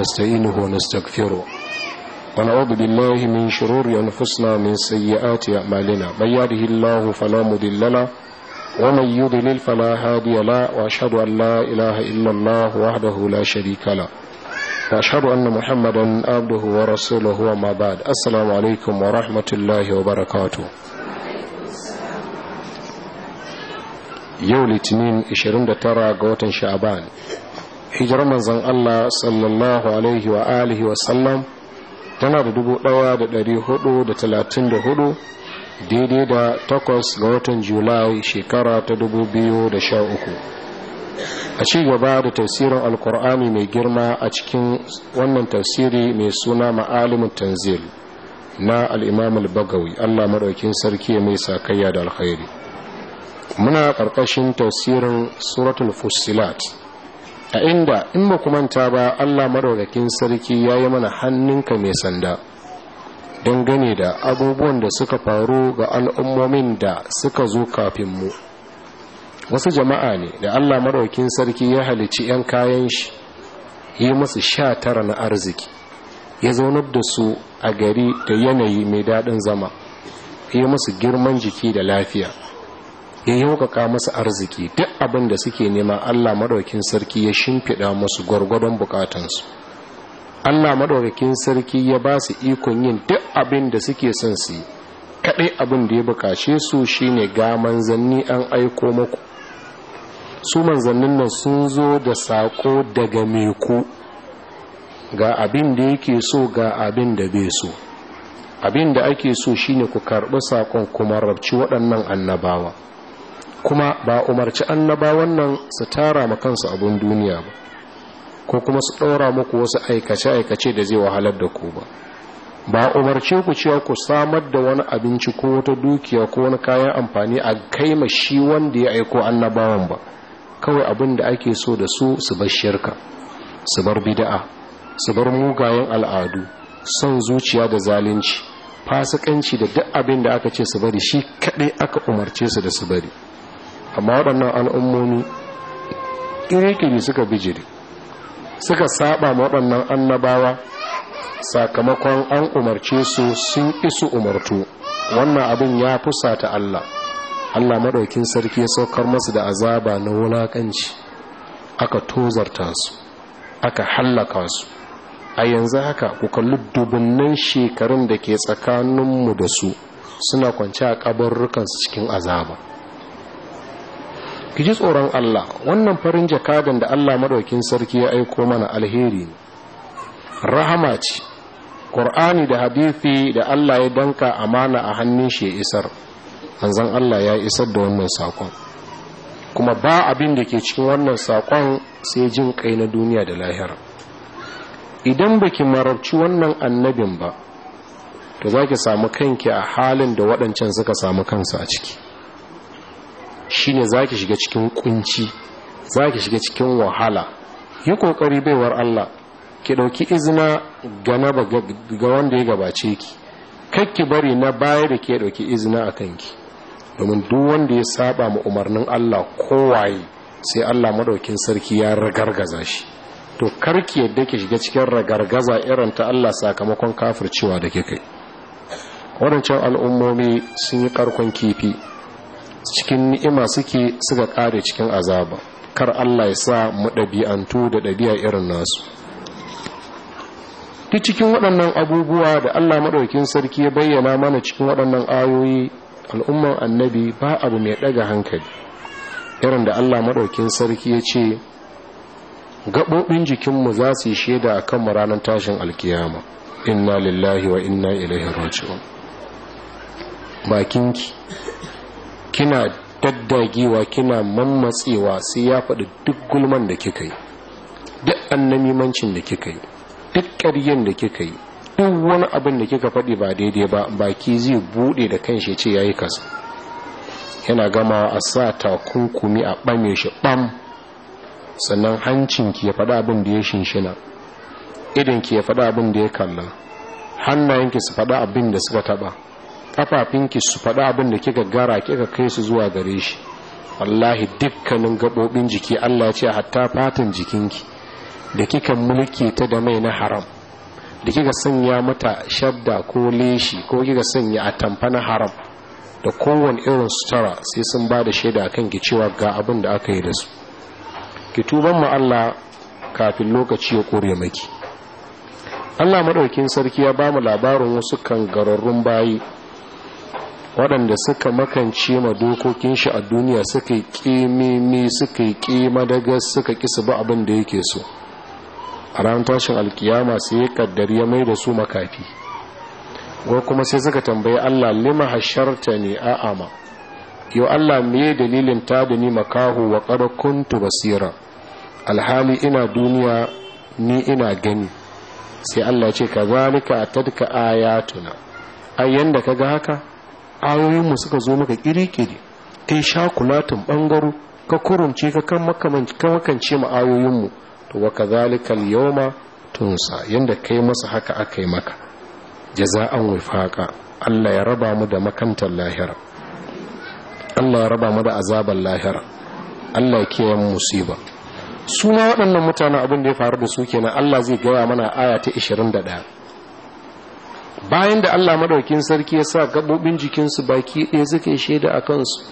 نستعينه ونستغفره ونعوذ بالله من شرور أنفسنا من سيئات أعمالنا من يهده الله فلا مضل له ومن يضلل فلا هادي له وأشهد أن لا إله إلا الله وحده لا شريك له وأشهد أن محمدا عبده ورسوله وما بعد السلام عليكم ورحمة الله وبركاته yau litinin 29 ga watan sha'aban hijirar manzan Allah sallallahu alaihi wa alihi wa sallam tana da dubu ɗaya da ɗari hudu da talatin da hudu daidai da takwas ga watan julai shekara ta dubu biyu da sha uku a ci gaba da tafsirin alkur'ani mai girma a cikin wannan tafsiri mai suna ma'alimin tanzil na al'imam bagawi allah maɗaukin sarki mai sakayya da alkhairi muna ƙarƙashin tafsirin suratul fusilat a inda in ba manta ba allah maɗaukakin sarki ya yi mana hannunka mai sanda dangane da abubuwan da suka faru ga al'ummomin da suka zo kafin mu wasu jama'a ne da allah maɗaukin sarki ya halici 'yan kayan shi yi masu sha tara na arziki ya zaunar da su a gari da yanayi mai daɗin zama yi masu girman jiki da lafiya ya yaukaka masu arziki duk abin da suke nema Allah madaukakin sarki ya shimfiɗa musu gwargwadon bukatansu Allah madaukakin sarki ya ba su ikon yin duk abin da suke son su yi kaɗai abin da ya bukace su shine ga manzanni an aiko maku su manzannin nan sun zo da sako daga meku ga abin da yake so ga abin da bai so abin da ake so shine ku karɓi sakon kuma rabci waɗannan annabawa kuma ba umarci annabawan wannan su tara ma kansu abin duniya ba ko kuma su ɗora muku wasu aikace-aikace da zai wahalar da ku ba ba umarce ku cewa ku samar da wani abinci ko wata dukiya ko wani kayan amfani a kaima shi wanda ya aiko annabawan ba kawai abin da ake so da su su bar shirka su bar bida'a su bar mugayen al'adu son zuciya da zalunci fasikanci da duk abin da aka ce su bari shi kaɗai aka umarce su da su bari amma waɗannan al'ummomi kirkiri suka bijiri suka saba waɗannan annabawa sakamakon an umarce su sun isu umartu wannan abin ya fusata Allah Allah maɗaukin sarki ya saukar masu da azaba na wulaƙanci aka tozarta su aka hallaka su a yanzu haka ku kalli dubunnan shekarun da ke tsakaninmu da su suna kwanci a rukansu cikin azaba ki ji tsoron Allah wannan farin jakadan da Allah madaukin sarki ya aiko mana alheri ne rahama ce Qur'ani da hadisi da Allah ya danka amana a hannun shi ya isar manzon Allah ya isar da wannan sakon kuma ba abin da ke cikin wannan sakon sai jin kai na duniya da lahira idan baki marabci wannan annabin ba to zaki samu kanki a halin da waɗancan suka samu kansu a ciki shine zaki shiga cikin kunci zaki shiga cikin wahala yi kokari baiwar Allah ki dauki izina ga wanda ya gabace ki kakki bari na baya da ke dauki izina a kanki domin duk wanda ya saba ma umarnin Allah kowaye sai Allah madaukin sarki ya ragargaza shi to karki yadda ki shiga cikin ragargaza irin ta Allah sakamakon kafircewa da kike kai wadancan al'ummomi sun yi karkon kifi cikin ni'ima suke suka kare cikin azaba kar Allah ya sa mu ɗabi'antu da ɗabi'a irin nasu duk cikin waɗannan abubuwa da Allah maɗaukin sarki ya bayyana mana cikin waɗannan ayoyi al'umman annabi ba abu mai ɗaga hankali irin da Allah maɗaukin sarki ya ce gaɓoɓin jikinmu za su yi shaida a kanmu ranar tashin alkiyama inna lillahi wa inna ilaihi raji'un bakinki kina daddagewa kina mammatsewa sai ya faɗi duk gulman da kika yi duk annamimancin da kika yi duk ƙaryen da kika yi duk wani abin da kika faɗi ba daidai ba baki zai buɗe da kanshi ce ya yi kasa yana gama a sa takunkumi a ɓame shi ɓam sannan hancinki ya faɗa abin da ya shinshina idanki ya faɗa abin da ya kalla hannayenki su faɗa abin da suka taɓa kafafinki su faɗa abin da kika gara kika kai su zuwa gare shi wallahi dukkanin gaɓoɓin jiki Allah ya ce hatta fatan jikinki da kika mulki ta da mai na haram da kika sanya mata shadda ko leshi ko kika sanya a tamfa na haram da kowane irin sutura sai sun ba da shaida kan ki cewa ga abin da aka yi da su ki tuban mu Allah kafin lokaci ya kore maki Allah madaukin sarki ya ba mu labarin wasu kangararrun bayi waɗanda suka makance ma dokokin shi a duniya suka yi ƙimimi suka yi ƙima daga suka kisa ba abin da yake so a ran tashin alkiyama sai ya kaddari ya mai da su makafi ko kuma sai suka tambayi Allah lima hasharta a a'ama yau Allah mai dalilin ta da ni makahu wa qad basira alhali ina duniya ni ina gani sai Allah ka ce kazalika atadka ayatuna ai yanda ga haka ayoyinmu suka zo maka kiri-kiri kai sha kulatun ɓangaro ka kurumce ka kan makance ma ayoyinmu to wa ka zalikal yawma tunsa yadda kai masa haka aka yi maka jaza'an wifaqa Allah ya raba mu da makantar lahira Allah ya raba mu da azabar lahira Allah ya kiyaye mu musiba suna waɗannan mutanen abin da ya faru da su kenan Allah zai gaya mana aya ta 21 bayan da Allah madaukin sarki ya sa gabobin jikinsu baki ɗaya suka yi shaida a kansu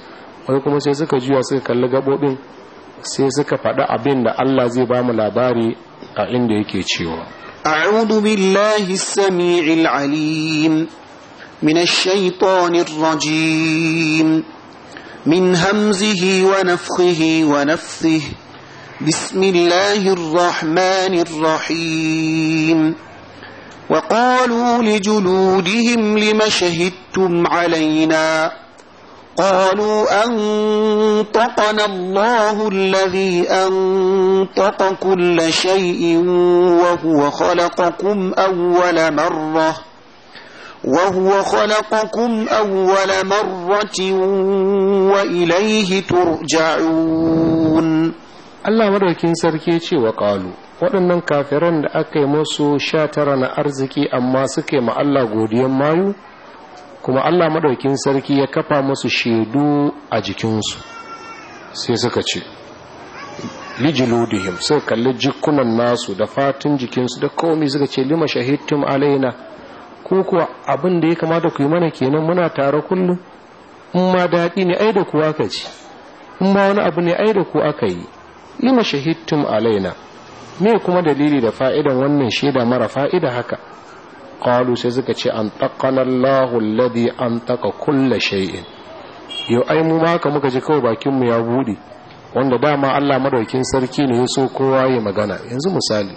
wani kuma sai suka juya suka kalli gabobin sai suka faɗi abin da Allah zai ba mu labari a inda yake cewa a'udhu billahi as-sami'il 'alim minash shaitanir min hamzihi wa nafthihi wa nafthihi بسم الله الرحمن الرحيم وقالوا لجلودهم لم شهدتم علينا قالوا أنطقنا الله الذي أنطق كل شيء وهو خلقكم أول مرة وهو خلقكم أول مرة وإليه ترجعون الله مرة سركيتي وقالوا waɗannan kafiran da aka yi masu sha tara na arziki amma suke ma Allah godiyan mayu kuma Allah maɗaukin sarki ya kafa musu shaidu a jikinsu sai suka ce lijiludihim suka kalli jikunan nasu da fatin jikinsu da komi suka ce lima shahittum alaina ko kuwa abin da ya kamata ku yi mana kenan muna tare kullum in ma daɗi ne ai da ku aka ci in ma wani abu ne ai da ku aka yi lima shahittum alaina me kuma dalili da fa'idan wannan shaida mara fa'ida haka qalu sai suka ce an taqana Allahu alladhi an taƙa kulla shai’in yau ai mu ma muka ji kawai bakinmu ya buɗe wanda dama Allah madaukin sarki ne ya so kowa ya magana yanzu misali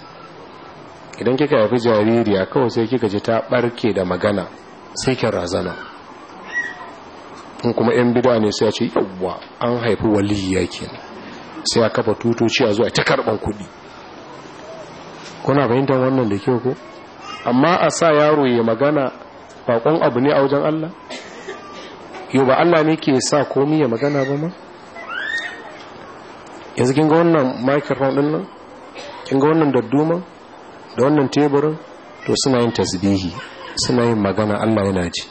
idan kika yafi jaririya kawai sai kika ji ta ɓarke da magana sai kin razana in kuma yan bid'a ne sai ya ce yawwa an haifi waliyya kenan sai a kafa tutoci a zuwa ta karban kuɗi kuna fahimtar wannan da ke ko amma a sa yaro ya magana bakon abu ne a wajen Allah yau ba Allah ne ke sa komi ya magana ba ma yanzu kinga wannan microphone din nan kinga wannan dadduma da wannan teburin to suna yin tasbihi suna yin magana Allah yana ji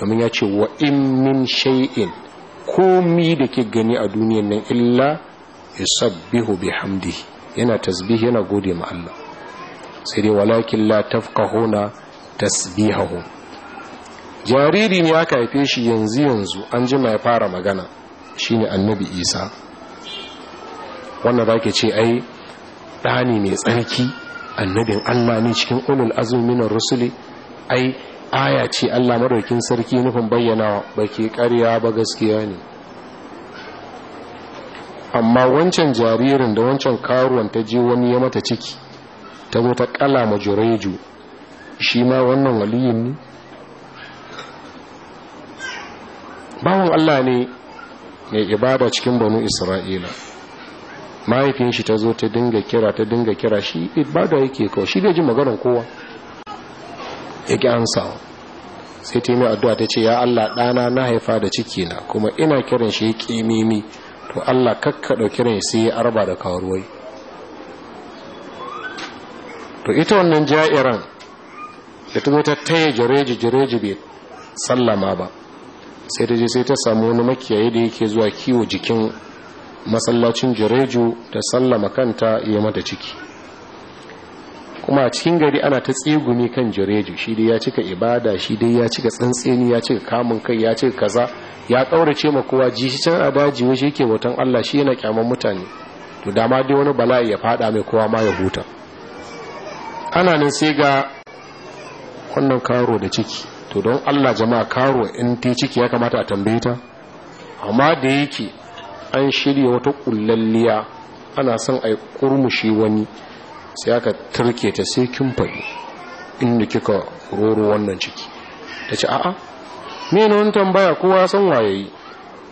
domin ya ce wa in min shay'in komi da ke gani a duniyan nan illa yusabbihu bihamdihi yana tasbihi yana gode ma Allah sai dai walakin la tafqahuna tasbihahu jariri ne aka haife shi yanzu yanzu an ji ya fara magana shine annabi isa wannan zake ce ai ɗani mai tsarki annabin allah ne cikin ulul azumin rusuli ai aya ce allah madaukin sarki nufin bayyana ba ke ƙarya ba gaskiya ne amma wancan jaririn da wancan karuwan ta je wani ya mata ciki ta zo ta kala jureju shi ma wannan waliyin ne bawon Allah ne mai ibada cikin banu isra'ila mahaifin shi ta zo ta dinga kira ta dinga kira shi ibada yake kawai shi da ji maganar kowa ya ƙi ansawa sai ta yi mai addu'a ta ce ya Allah ɗana na haifa da ciki na kuma ina kiran shi ya to Allah kakka ɗauki ran sai ya arba da kawarwai to ita wannan ja'iran da ta zo ta taya jireji jireji bai sallama ba sai da je sai ta samu wani makiyayi da yake zuwa kiwo jikin masallacin jireju da sallama kanta ya mata ciki kuma a cikin gari ana ta tsigumi kan jireju shi dai ya cika ibada shi dai ya cika tsantseni ya cika kamun kai ya cika kaza ya kaurace ma kowa ji shi can a daji shi ke bautan Allah shi yana kyaman mutane to dama dai wani bala'i ya fada mai kowa ma ya huta ana nan sai ga wannan karo da ciki to don allah jama'a karo in ta ciki ya kamata a tambaye ta amma da yake an shirya wata kullalliya ana son a kurmushi wani sai aka turke ta sai kin faɗi inda kika roro wannan ciki ta ce a'a ne wani tambaya kowa san wayayi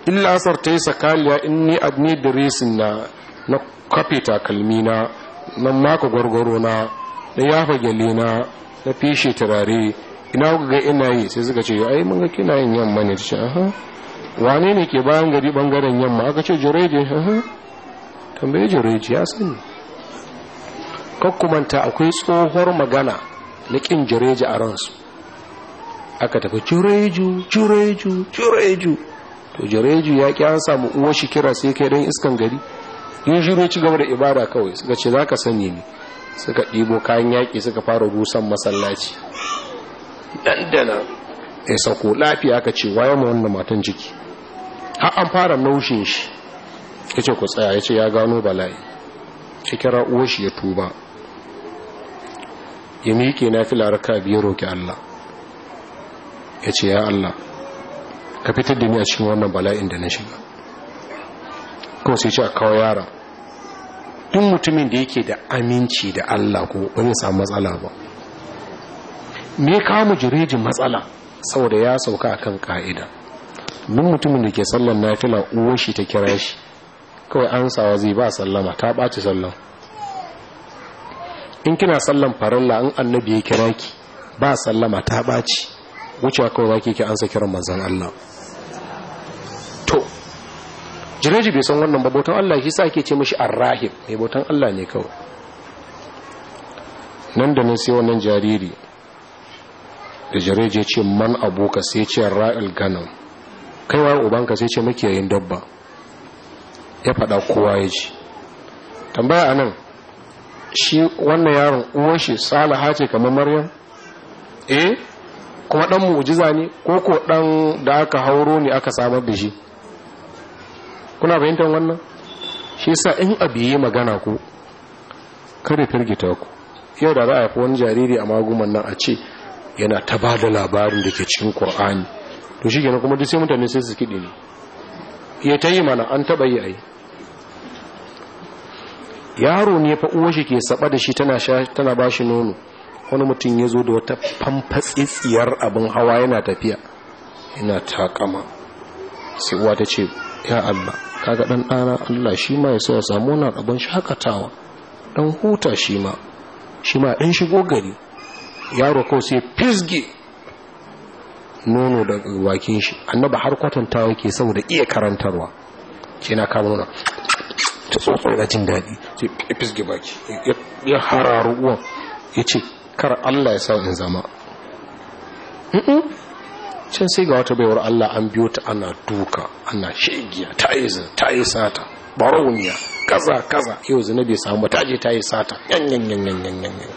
illa asar ta yi sakaliya in ni adni da resin na na kafe takalmi na nan maka gwargwaro na na ya gyale na na fishe turare ina kuka ga ina yi sai suka ce ai mun ga kina yin yamma ne ce aha wane ne ke bayan gari bangaren yamma aka ce jureje aha tambaye jureje ya sani kakkumanta akwai tsohuwar magana na kin jureje a ransu aka tafi jureju jureju jureju to jureju ya ki an samu uwar shi kira sai kai dan iskan gari yin shi ci gaba da ibada kawai suka ce zaka sani ne suka ɗibo kayan yaƙi suka fara rusan masallaci nan. ya sako lafiya aka ce waye ma wannan matan jiki har an fara naushin shi ya ce ku tsaya ya ce ya gano bala'i ya kira uwashi ya tuba ya miƙe na fila raka biyar roƙi Allah ya ce ya Allah ka fitar da ni a cikin wannan bala'in da na shiga kawai sai ce a kawo yaran duk mutumin da yake da aminci da Allah ko wani samu matsala ba me ka mu jirejin matsala saboda ya sauka a kan ka'ida duk mutumin da ke sallan nafila uwar shi ta kira shi kawai an sawa zai ba sallama ta ɓaci sallan in kina sallan farilla in annabi ya kira ki ba sallama ta ɓaci wucewa kawai za ki ki ansa kiran mazan Allah jireji bai san wannan ba bautan Allah shi sa ake ce mashi arrahim mai bautan Allah ne kawai nan da nan sai wannan jariri da jireji ce man abuka sai ce ra'il ganam kaiwa ubanka sai ce makiyayin dabba ya faɗa kowa ya ji tambaya anan shi wannan yaron uwan shi salaha ce kamar maryam eh kuma dan mu'jiza ne ko ko dan da aka hauro ne aka samar da shi kuna bayyantar wannan shi sa in abu yi magana ku kada firgita ku yau da za a fi wani jariri a maguman nan a ce yana ta ba da labarin da ke cikin ƙor'ani to shi kenan kuma duk sai mutane sai su kiɗi ne ya ta yi mana an taɓa yi a yi yaro ne fa uwa shi ke saba da shi tana tana ba shi nono wani mutum ya zo da wata fanfatsitsiyar abin hawa yana tafiya yana takama sai uwa ta ce ya Allah kaga dan dana Allah shi ma ya so ya samu wannan abin shakatawa dan huta shi ma shi ma dan shigo gari yaro ko sai fisge nono da bakin shi annaba har kwatanta yake saboda iya karantarwa kina ka nuna ta tsotso da jin daɗi sai fisge baki ya hararu uwan ya kar Allah ya sa in zama can sai ga wata baiwar Allah an biyo ta ana duka ana shegiya ta yi ta yi sata barauniya kaza kaza yau zina bai samu ta je ta yi sata yan yan yan yan yan yan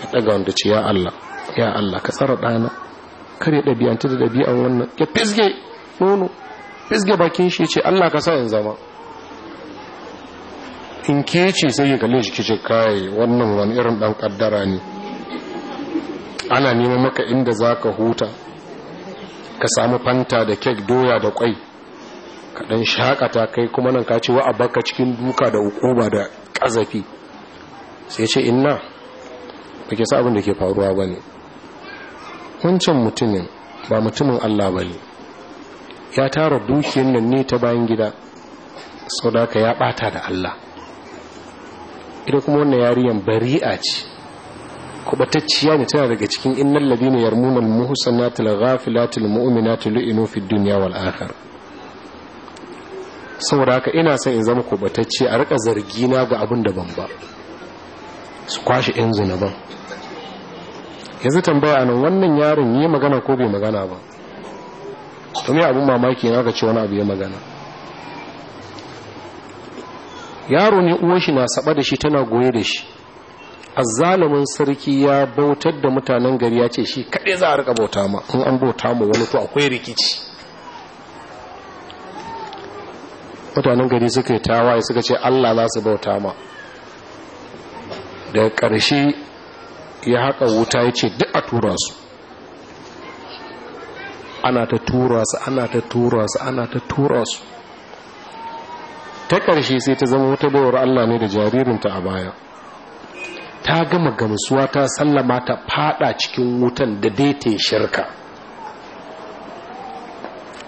ka daga wanda ce ya Allah ya Allah ka tsara dana kare ɗabi'anta da ɗabi'an wannan ya fisge nono fisge bakin shi ce Allah ka sa in zama in ke ce sai ya kalle shi kice kai wannan wani irin dan kaddara ne ana neman maka inda zaka huta ka samu fanta da kek doya da kwai kaɗan dan shakata kai kuma nan ka ce wa a baka cikin duka da hukuma da ƙazafi. sai ce inna ba ke sa abin da ke faruwa ba ne wancan mutumin ba mutumin allah ba ne ya tara dukiyar nan ne ta bayan gida sau da ka ya bata da allah ita kuma wannan yariyan bari'a ce kubatacciya ne tana daga cikin innal ladina yarmuna al muhsanati al ghafilati al mu'minati lu'inu fid dunya wal akhir saboda haka ina son in zama kubatacce a rika zargi na ga abin da ban ba su kwashi yan ba yanzu tambaya anan wannan yaron yi magana ko bai magana ba to me abun mamaki ne aka ce wani abu ya magana yaro ne uwar shi na saba da shi tana goye da shi azzalumin sarki ya bautar da mutanen gari ya ce shi kaɗai za a rika bauta ma in an bauta ma wani to akwai rikici mutanen gari suka yi tawaye suka ce allah za su bauta ma daga ƙarshe ya haƙa wuta ya ce duk a tura su ana ta tura su ana ta tura su ana ta tura su ta ƙarshe sai ta zama wata bawar allah ne da jaririnta a baya ta gama gamsuwa ta sallama ta fada cikin wutan da daitin shirka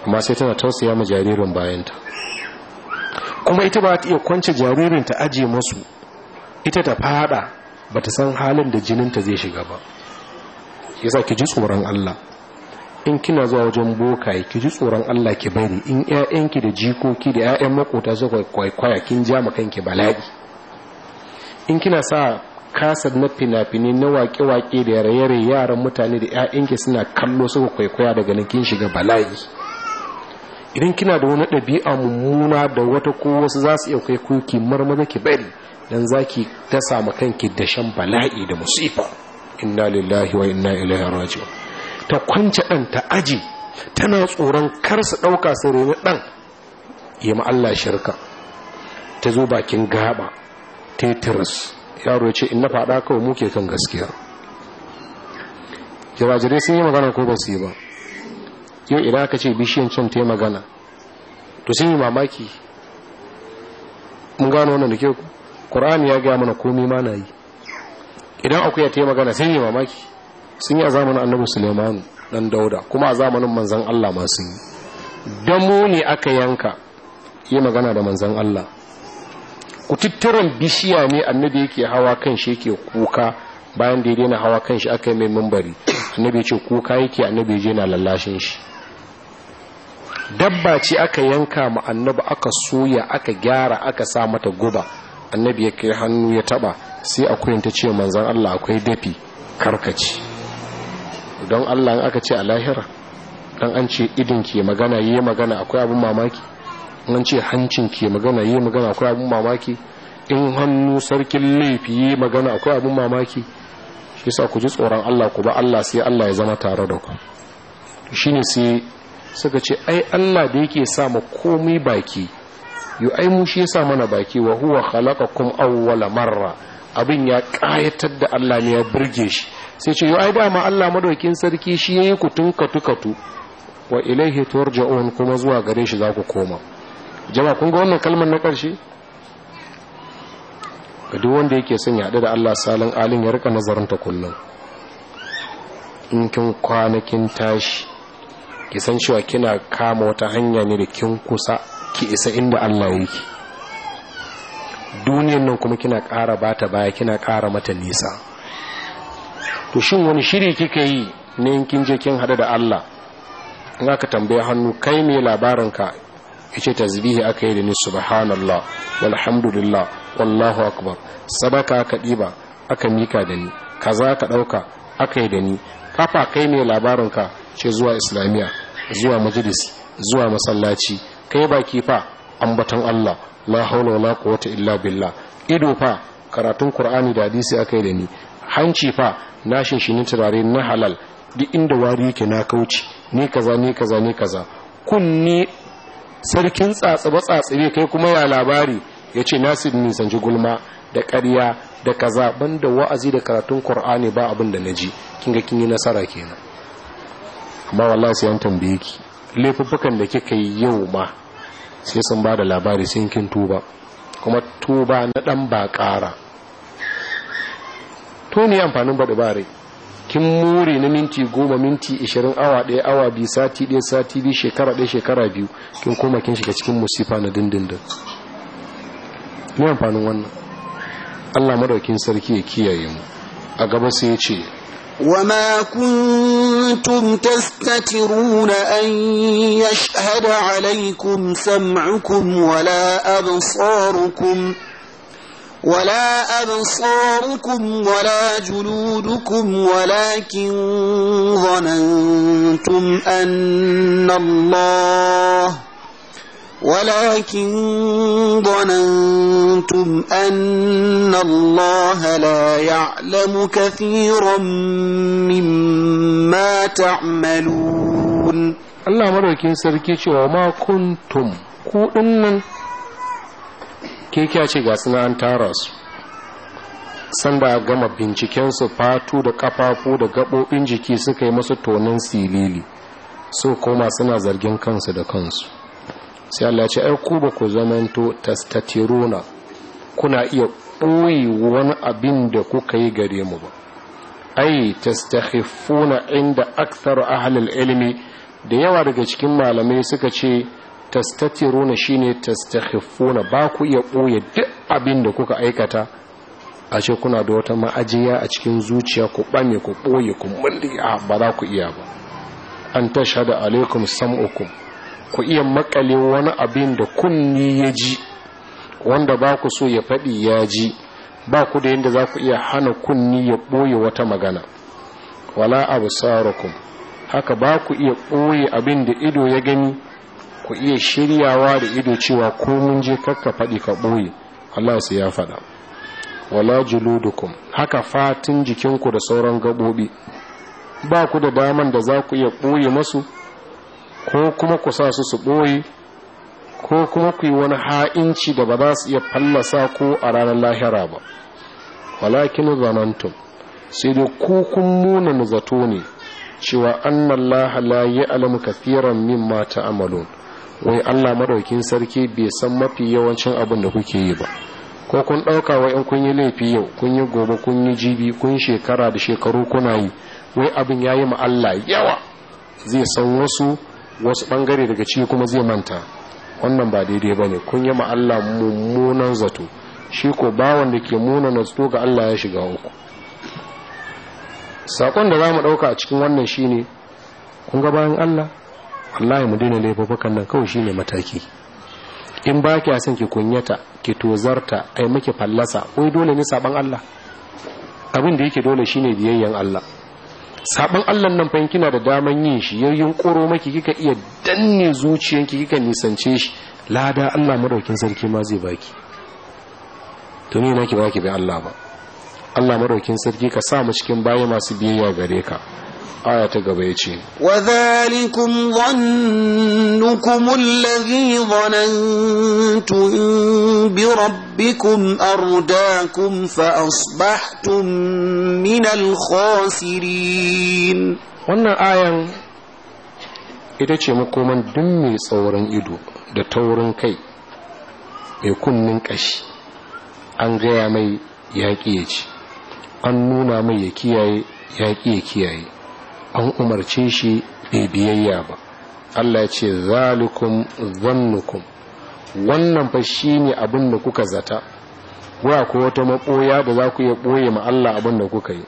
amma sai tana tausaya ma jaririn bayanta kuma ita ba ta iya kwance jaririn ta aje masu ita ta fada ba ta san halin da jininta zai shiga ba yasa ki ji tsoron Allah in kina zuwa wajen bokaye ki ji tsoron Allah ki bari in 'ya'yanki da jikoki da 'ya'yan makota su kwaikwaya kin ja ma kanki bala'i in kina sa kasar na fina-finai na waƙe-waƙe da raye-raye yaran mutane da 'ya'yanki suna kallo suka kwaikwaya daga nan shiga bala'i idan kina da wani ɗabi'a mummuna da wata ko wasu za su iya kai kuki marmaza ki bari don dan zaki ta samu kanki da dashen bala'i da musifa inna lillahi wa inna ilaihi raji'un ta kwance ɗan ta aji tana tsoron kar su ɗauka su reni ɗan yi ma'alla shirka ta zo bakin gaba tetris yaro ya ce in na faɗa kawai muke kan gaskiya jirajirai sun yi magana ko ba yi ba yau idan aka ce bishiyan can ta yi magana to sun yi mamaki mun gano wannan da ke ƙorani ya gaya mana komi ma na yi idan akuya ta yi magana sun yi mamaki sun yi a zamanin annabi suleiman dan dauda kuma a zamanin manzan allah masu yi damo ne aka yanka yi magana da manzan allah kututturen bishiya ne annabi yake hawa kan shi yake kuka bayan da ya daina hawa kan shi aka yi mai mambari annabi ce kuka yake annabi je na lallashin shi dabba ce aka yanka ma annabi aka soya aka gyara aka sa mata guba annabi ya kai hannu ya taba sai akwai ta ce manzan Allah akwai dafi karkaci don Allah aka ce a lahira don an ce idin ke magana yi magana akwai abin mamaki An ce hancin ke magana yi magana akwai abin mamaki in hannu sarkin laifi yi magana akwai abin mamaki shi sa ku ji tsoron Allah ku ba Allah sai Allah ya zama tare da ku shi ne sai suka ce ai Allah da yake sa mu komai baki yo ai mu shi yasa mana baki wa huwa khalaqakum awwala marra abin ya kayatar da Allah ne ya burge shi sai ce yo ai ma Allah madaukin sarki shi yayi ku tunka tukatu wa ilaihi turja'un kuma zuwa gare shi za ku koma jama'a kun ga wannan kalmar na ƙarshe ga duk wanda yake son yaɗu da Allah salin alin ya rika ta kullum in kin kwanakin tashi ki san cewa kina kama wata hanya ne da kin kusa ki isa inda Allah yake duniyan nan kuma kina ƙara bata baya kina ƙara mata nisa to shin wani shiri kika yi ne kin je kin hada da Allah in aka tambaye hannu kai me labarinka yace tasbihi aka yi da ni subhanallah walhamdulillah wallahu akbar sadaka ka diba aka mika da ni kaza ka dauka aka yi da ni kafa kai ne labarin ka ce zuwa islamiya zuwa majlis zuwa masallaci kai baki fa ambaton Allah la hawla wala quwwata illa billah ido fa karatun qur'ani da hadisi aka yi da ni hanci fa na shinshinin turare na halal duk inda wari yake na kauci ni kaza ni kaza ni kaza kunni sarkin tsatsabe tsatsabe kai kuma ya labari ya ce nasir nisanci gulma da ƙarya da kaza da wa'azi da karatun Kur'ani ba abin da na kin ga kin yi nasara kenan amma wala sai an tambaye ki laifuffukan da kika yi yau ma sai sun ba da labari sun kin tuba kuma tuba na dan ba ƙara to ne amfanin ba rai kin more na minti goma minti ishirin awa ɗaya awa biyu sati ɗaya sati biyu shekara ɗaya shekara biyu kin koma kin shiga cikin musifa na dindindin ne amfanin wannan allah madaukin sarki ya kiyaye mu a gaba sai ya ce وما كنتم تستترون أن يشهد عليكم سمعكم ولا أبصاركم ولا ولا أبصاركم ولا جلودكم ولكن ظننتم أن الله ولكن ظننتم أن الله لا يعلم كثيرا مما تعملون الله مرة كين سركيش وما كنتم كو keke ce ga suna an tara su sanda gama su fatu da kafafu da gaɓoɓin jiki suka yi masu tonin silili so koma suna zargin kansu da kansu sai Allah ce ai ku ba ku zamanto tastatiruna kuna iya ɓoye wani abin da kuka yi gare mu ba ai tastakhifuna inda akthar ahlul ilmi da yawa daga cikin malamai suka ce tastatiruna shine tastakhifuna ba ku iya ɓoye duk abin da kuka aikata a ce kuna da wata ma'ajiya a cikin zuciya ku ɓame ku ɓoye ku mulli a ba za ku iya ba an tashhadu alaikum sam'ukum ku iya makale wani abin da kunni ya ji wanda ba ku so ya faɗi ya ji ba ku da yadda za ku iya hana kunni ya ɓoye wata magana wala absarukum haka ba ku iya ɓoye abin da ido ya gani ku iya shiryawa da ido cewa ko mun je kakka faɗi ka ɓoye Allah sai ya faɗa wala juludukum haka fatin jikinku da sauran gaɓoɓi ba ku da daman da za ku iya ɓoye masu ko kuma ku sa su su ɓoye ko kuma ku yi wani ha'inci da ba za su iya fallasa ko a ranar lahira ba walakin zanantum sai dai ku kun munan zato ne cewa annallaha la ya'lamu kathiran mimma amalon. wai Allah madaukin sarki bai san mafi yawancin abin da kuke yi ba ko kun ɗauka wai in kun yi laifi yau kun yi gobe kun yi jibi kun shekara da shekaru kuna yi wai abin ya yi Allah yawa zai san wasu wasu bangare daga ciki kuma zai manta wannan ba daidai ba ne kun yi Allah mummunan zato shi ko ba da ke na zato ga Allah ya shiga uku Sakon da za mu ɗauka a cikin wannan shine kun ga bayan Allah ya mu daina laifukan nan kawai shine mataki in ba ki son ki kunyata ki tozarta ai miki fallasa wai dole ne saban Allah abin da yake dole shine biyayyan Allah saban Allah nan fa kina da daman yin shi yayin koro maki kika iya danne zuciyanki kika nisance shi lada Allah madaukin sarki ma zai baki to ne nake baki bai Allah ba Allah madaukin sarki ka sa mu cikin baya masu biyayya gare ka aya ta gaba yace wa zalikum dhannukum alladhi dhanantum bi rabbikum ardaakum fa asbahtum min al-khasirin wannan ayan ita ce makoman duk mai tsauran ido da taurin kai mai kunnin kashi an gaya mai yaƙi ya ci an nuna mai ya kiyaye yaƙi ya kiyaye an umarce shi bai biyayya ba Allah ya ce zalikum zannukum wannan fa shine abin da kuka zata wa ko wata maboya da za ku iya boye ma Allah abin da kuka yi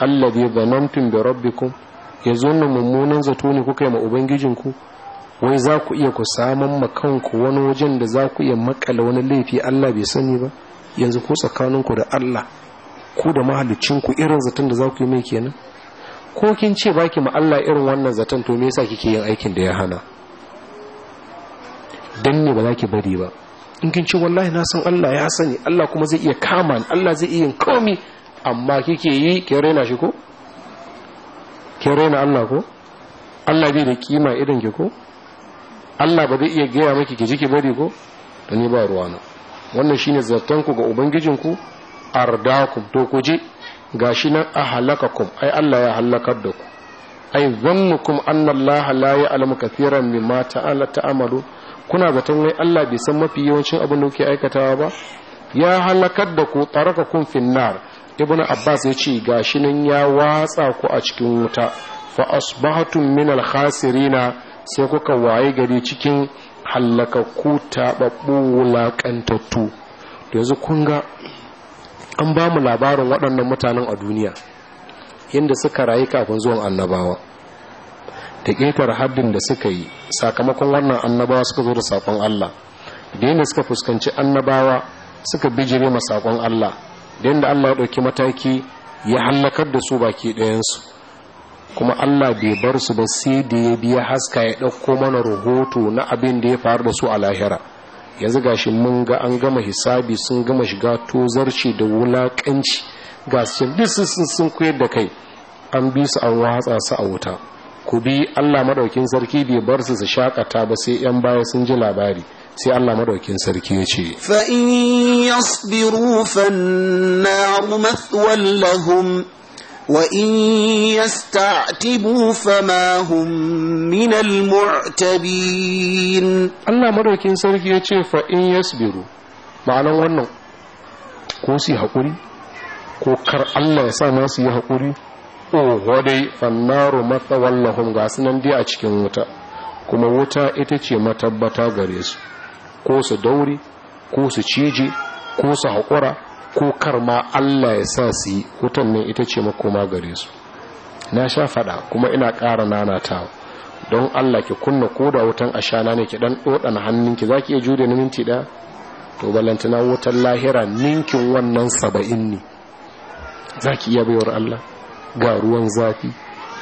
allazi zanantum bi rabbikum yazunnu mummunan zato ne kuka yi ma ubangijin ku. wai za ku iya ku saman ma kanku wani wajen da za ku iya makala wani laifi Allah bai sani ba yanzu ko tsakaninku da Allah ku da ku irin zaton da za ku yi mai kenan ko kin ce baki ma Allah irin wannan zaton to me yasa kike yin aikin da ya hana dan ne ba za ki bari ba in kin ce wallahi na san Allah ya sani Allah kuma zai iya kama ni Allah zai iya komi amma kike yi ki raina shi ko ki raina Allah ko Allah bai da kima irin ki ko Allah ba zai iya gaya maki ki ji ki bari ko Dan ni ba ruwana wannan shine zaton ku ga ubangijinku ardakum to ku je gashi nan a ai Allah ya halakar da ku ai zannukum anna Allah la ya'lamu kathiran mimma ta'ala ta'amalu kuna zaton wai Allah bai san mafi yawancin abin da kuke aikatawa ba ya halakar da ku tarakakum finnar ibnu abbas ya ce gashi nan ya watsa ku a cikin wuta fa asbahatum min al khasirina sai kuka waye gari cikin halakakku tababbu wulakantattu yanzu kun ga an ba mu labarin waɗannan mutanen a duniya inda suka rayu kafin zuwan annabawa da ƙetar haddin da suka yi sakamakon wannan annabawa suka zo da saƙon Allah da yadda suka fuskanci annabawa suka bijire ma saƙon Allah da yadda Allah ya ɗauki mataki ya hallakar da su baki ɗayansu kuma Allah bai bar su ba sai da ya biya haska ya ɗauko mana rahoto na abin da ya faru da su a lahira yanzu gashi mun ga an gama hisabi sun gama shiga tozarci da wulakanci ga sun sun sun koyar da kai an bi su an watsa su a wuta ku bi Allah maɗaukin sarki bai bar su su shakata ba sai yan baya sun ji labari sai Allah maɗaukin sarki ya ce fa yasbiru fan nar lahum وإن يستعتبوا فما هم من المعتبين الله مدوكين سركي يتشي فإن wannan ko su haƙuri ko kar Allah ya sa masu yi haƙuri oho dai fannaru matsawallahun ga sunan dai a cikin wuta kuma wuta ita ce matabbata gare su ko su daure ko su cije ko su haƙura ko ma Allah ya sa su yi wutan ne ita ce makoma gare su na sha faɗa kuma ina ƙara nanatawa don Allah ki kunna koda wutan ashana ne ki dan ɗoɗana hannunki za ki iya jude ni minti ɗaya to balantana wutan lahira ninkin wannan saba'in ne za ki iya baiwar Allah ga ruwan zafi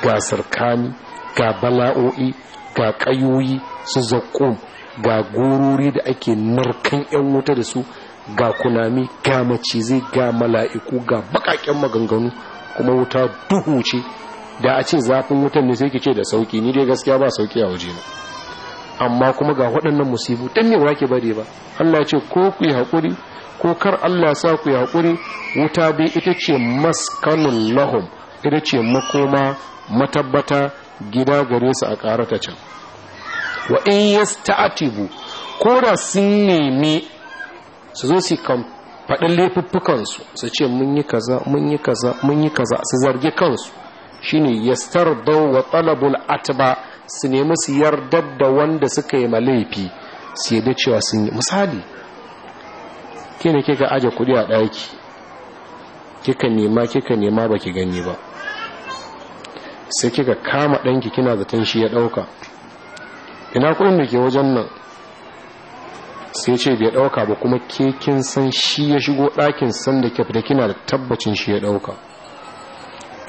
ga sarkani ga bala'o'i ga ƙayoyi su zakkum ga gururi da ake narkan 'yan wuta da su ga kunami ga macizai ga mala'iku ga bakaken maganganu kuma wuta duhu ce da a ce zafin wutan ne sai ke ce da sauki ni dai gaskiya ba sauki a waje amma kuma ga waɗannan musibu dan ne wake bare ba Allah ce ko ku yi hakuri ko kar Allah sa ku yi hakuri wuta dai ita ce maskanun lahum ita ce makoma matabbata gida gare su a karata can wa in yasta'tibu ko da sun nemi su zo su faɗin laifuffukansu su ce mun yi kaza mun yi kaza mun yi kaza su zargi kansu shi shine yastar dau wa talabul atba su nemi su yardar da wanda suka yi malaifi su yadda cewa sun yi misali ke ne kika aje kuɗi a ɗaki kika nema kika nema ba ki gani ba sai kika kama ɗanki kina zaton shi ya ɗauka ina kuɗin da ke wajen nan sai ce bai dauka ba kuma kekin san shi ya shigo ɗakin san da da kina da tabbacin shi ya dauka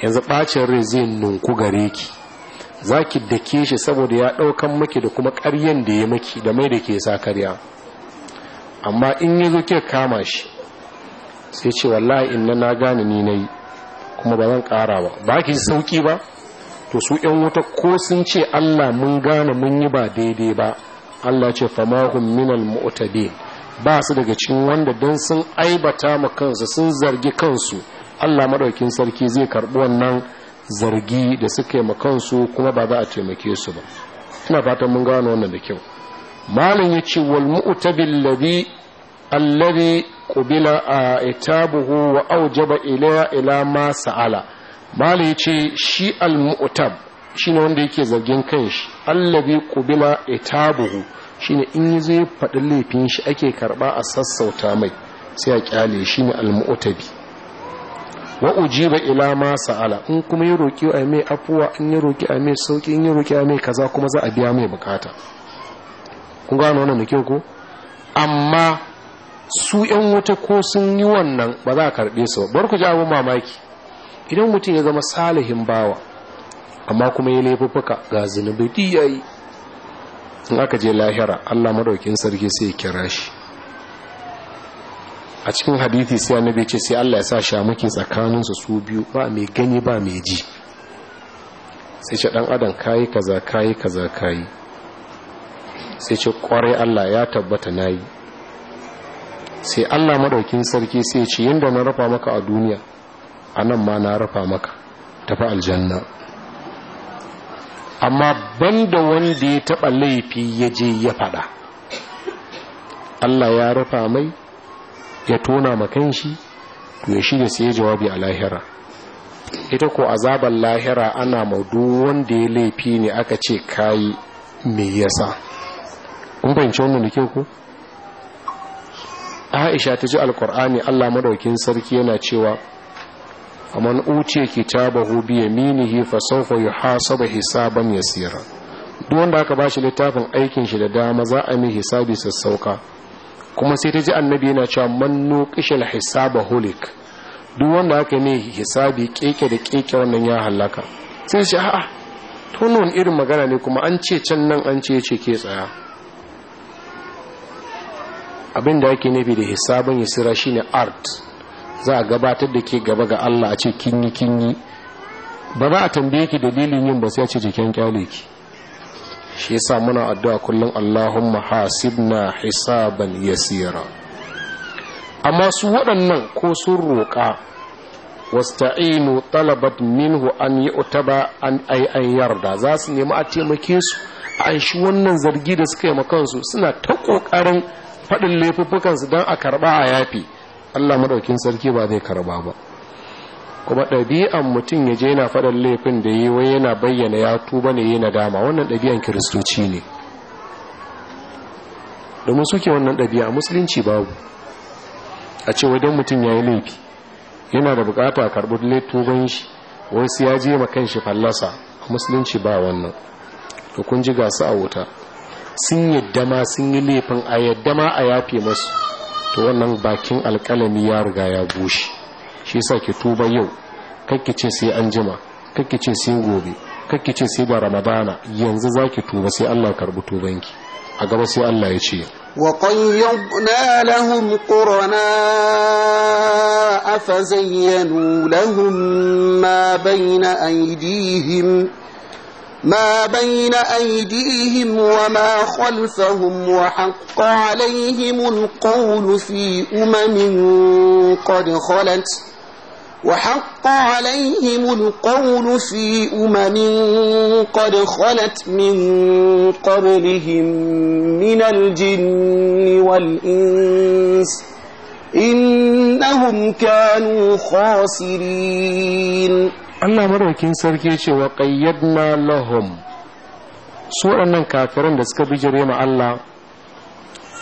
yanzu bacin rai zai nunku gare ki za ki dake shi saboda ya daukan maki da kuma karyan da ya maki da mai da ke sa karya amma in ya zo ke kama shi sai ce wallahi inna na gane ni na yi kuma ba zan kara ba ba ki sauki ba to su yan wuta ko sun ce allah mun gane mun yi ba daidai ba Allah ce famahum minal mu'tadin ba su daga cikin wanda don sun aibata ma kansu sun zargi kansu Allah maɗaukin sarki zai karɓi wannan zargi da suka yi ma kansu kuma ba za a taimake su ba ina fatan mun gano wannan da kyau malin yace wal mu'tadil ladhi alladhi qubila itabuhu wa aujaba ila ila ma sa'ala malin yace shi al mu'tab shine wanda yake zargin kan kanshi allabi kubila qubila itabuhu shine in zai faɗi laifin shi ake karɓa a sassauta mai sai a kyale shi ne almu'tabi wa ba ila ma sa'ala in kuma ya roƙi a mai afuwa in ya roƙi a mai sauki in ya roƙi a mai kaza kuma za a biya mai bukata kun gano wannan da kyau ko amma su yan wata ko sun yi wannan ba za a karɓe su ba bar ku ji abin mamaki idan mutum ya zama salihin bawa amma kuma ya laifuffuka ga zunubi duk yayi in aka je lahira Allah madaukin sarki sai ya kira shi a cikin hadithi sai annabi ce sai Allah ya sa shamuki tsakanin su su biyu ba mai gani ba mai ji sai ce dan adam kai kaza kai kaza kayi sai ce kwarai Allah ya tabbata na yi. sai Allah madaukin sarki sai ce yanda na rafa maka a duniya anan ma na rafa maka tafi aljanna amma banda wanda ya taɓa laifi ya je ya faɗa Allah ya rafa mai ya tona makan shi to ya shirya sai jawabi a lahira ita ko azabar lahira ana ma wanda ya laifi ne aka ce kayi me yasa kun fahimci wannan da ke ku Aisha ta ji alkur'ani Allah madaukin sarki yana cewa faman uce kitabahu biya yaminihi fa sawfa yuhasabu hisaban tsira. duk wanda aka ba shi littafin aikin shi da dama za a mai hisabi sassauka kuma sai ta ji annabi yana cewa man nuqishal hisaba holik duk wanda aka mai hisabi keke da keke wannan ya halaka sai shi a'a tunon irin magana ne kuma an ce can nan an ce ce ke tsaya abin da ake nufi da hisabin yasira shine art za a gabatar da ke gaba ga Allah a ce kinyi kinyi ba za a tambaye ki dalilin yin ba sai a ce jikin kyale ki shi yasa muna addu'a kullum Allahumma hasibna hisaban yasira amma su waɗannan ko sun roƙa wasta'inu talabat minhu an yu'taba an ay an yarda za su nemi a taimake su an shi wannan zargi da suka yi makansu suna ta ƙoƙarin faɗin laifuffukansu don a karɓa a yafi Allah madaukin sarki ba zai karba ba kuma ɗabi'an mutum ya je yana faɗin laifin da yi wai yana bayyana ya tuba ne yana dama wannan ɗabi'an kiristoci ne domin suke wannan ɗabi'a musulunci babu a ce wajen mutum ya yi laifi yana da bukata a karɓar laifin shi wasu ya je ma kan shi fallasa musulunci ba wannan to kun ji gasu a wuta sun yadda ma sun yi laifin a yadda ma a yafe masu to wannan bakin alkalami ya riga ya bushe shi yasa ki tuba yau kake ce sai anjima jima ce sai gobe kake ce sai ba ramadana yanzu zaki tuba sai Allah karbi tubanki a gaba sai Allah ya ce qayyana lahum qurana afazayyanu lahum ma bayna aydihim ما بين أيديهم وما خلفهم وحق عليهم القول في أمم قد خلت وحق عليهم القول في أمم قد خلت من قبلهم من الجن والإنس إنهم كانوا خاسرين Allah maɗaukin sarki ce wa qayyadna lahum su waɗannan kafiran da suka bijire ma Allah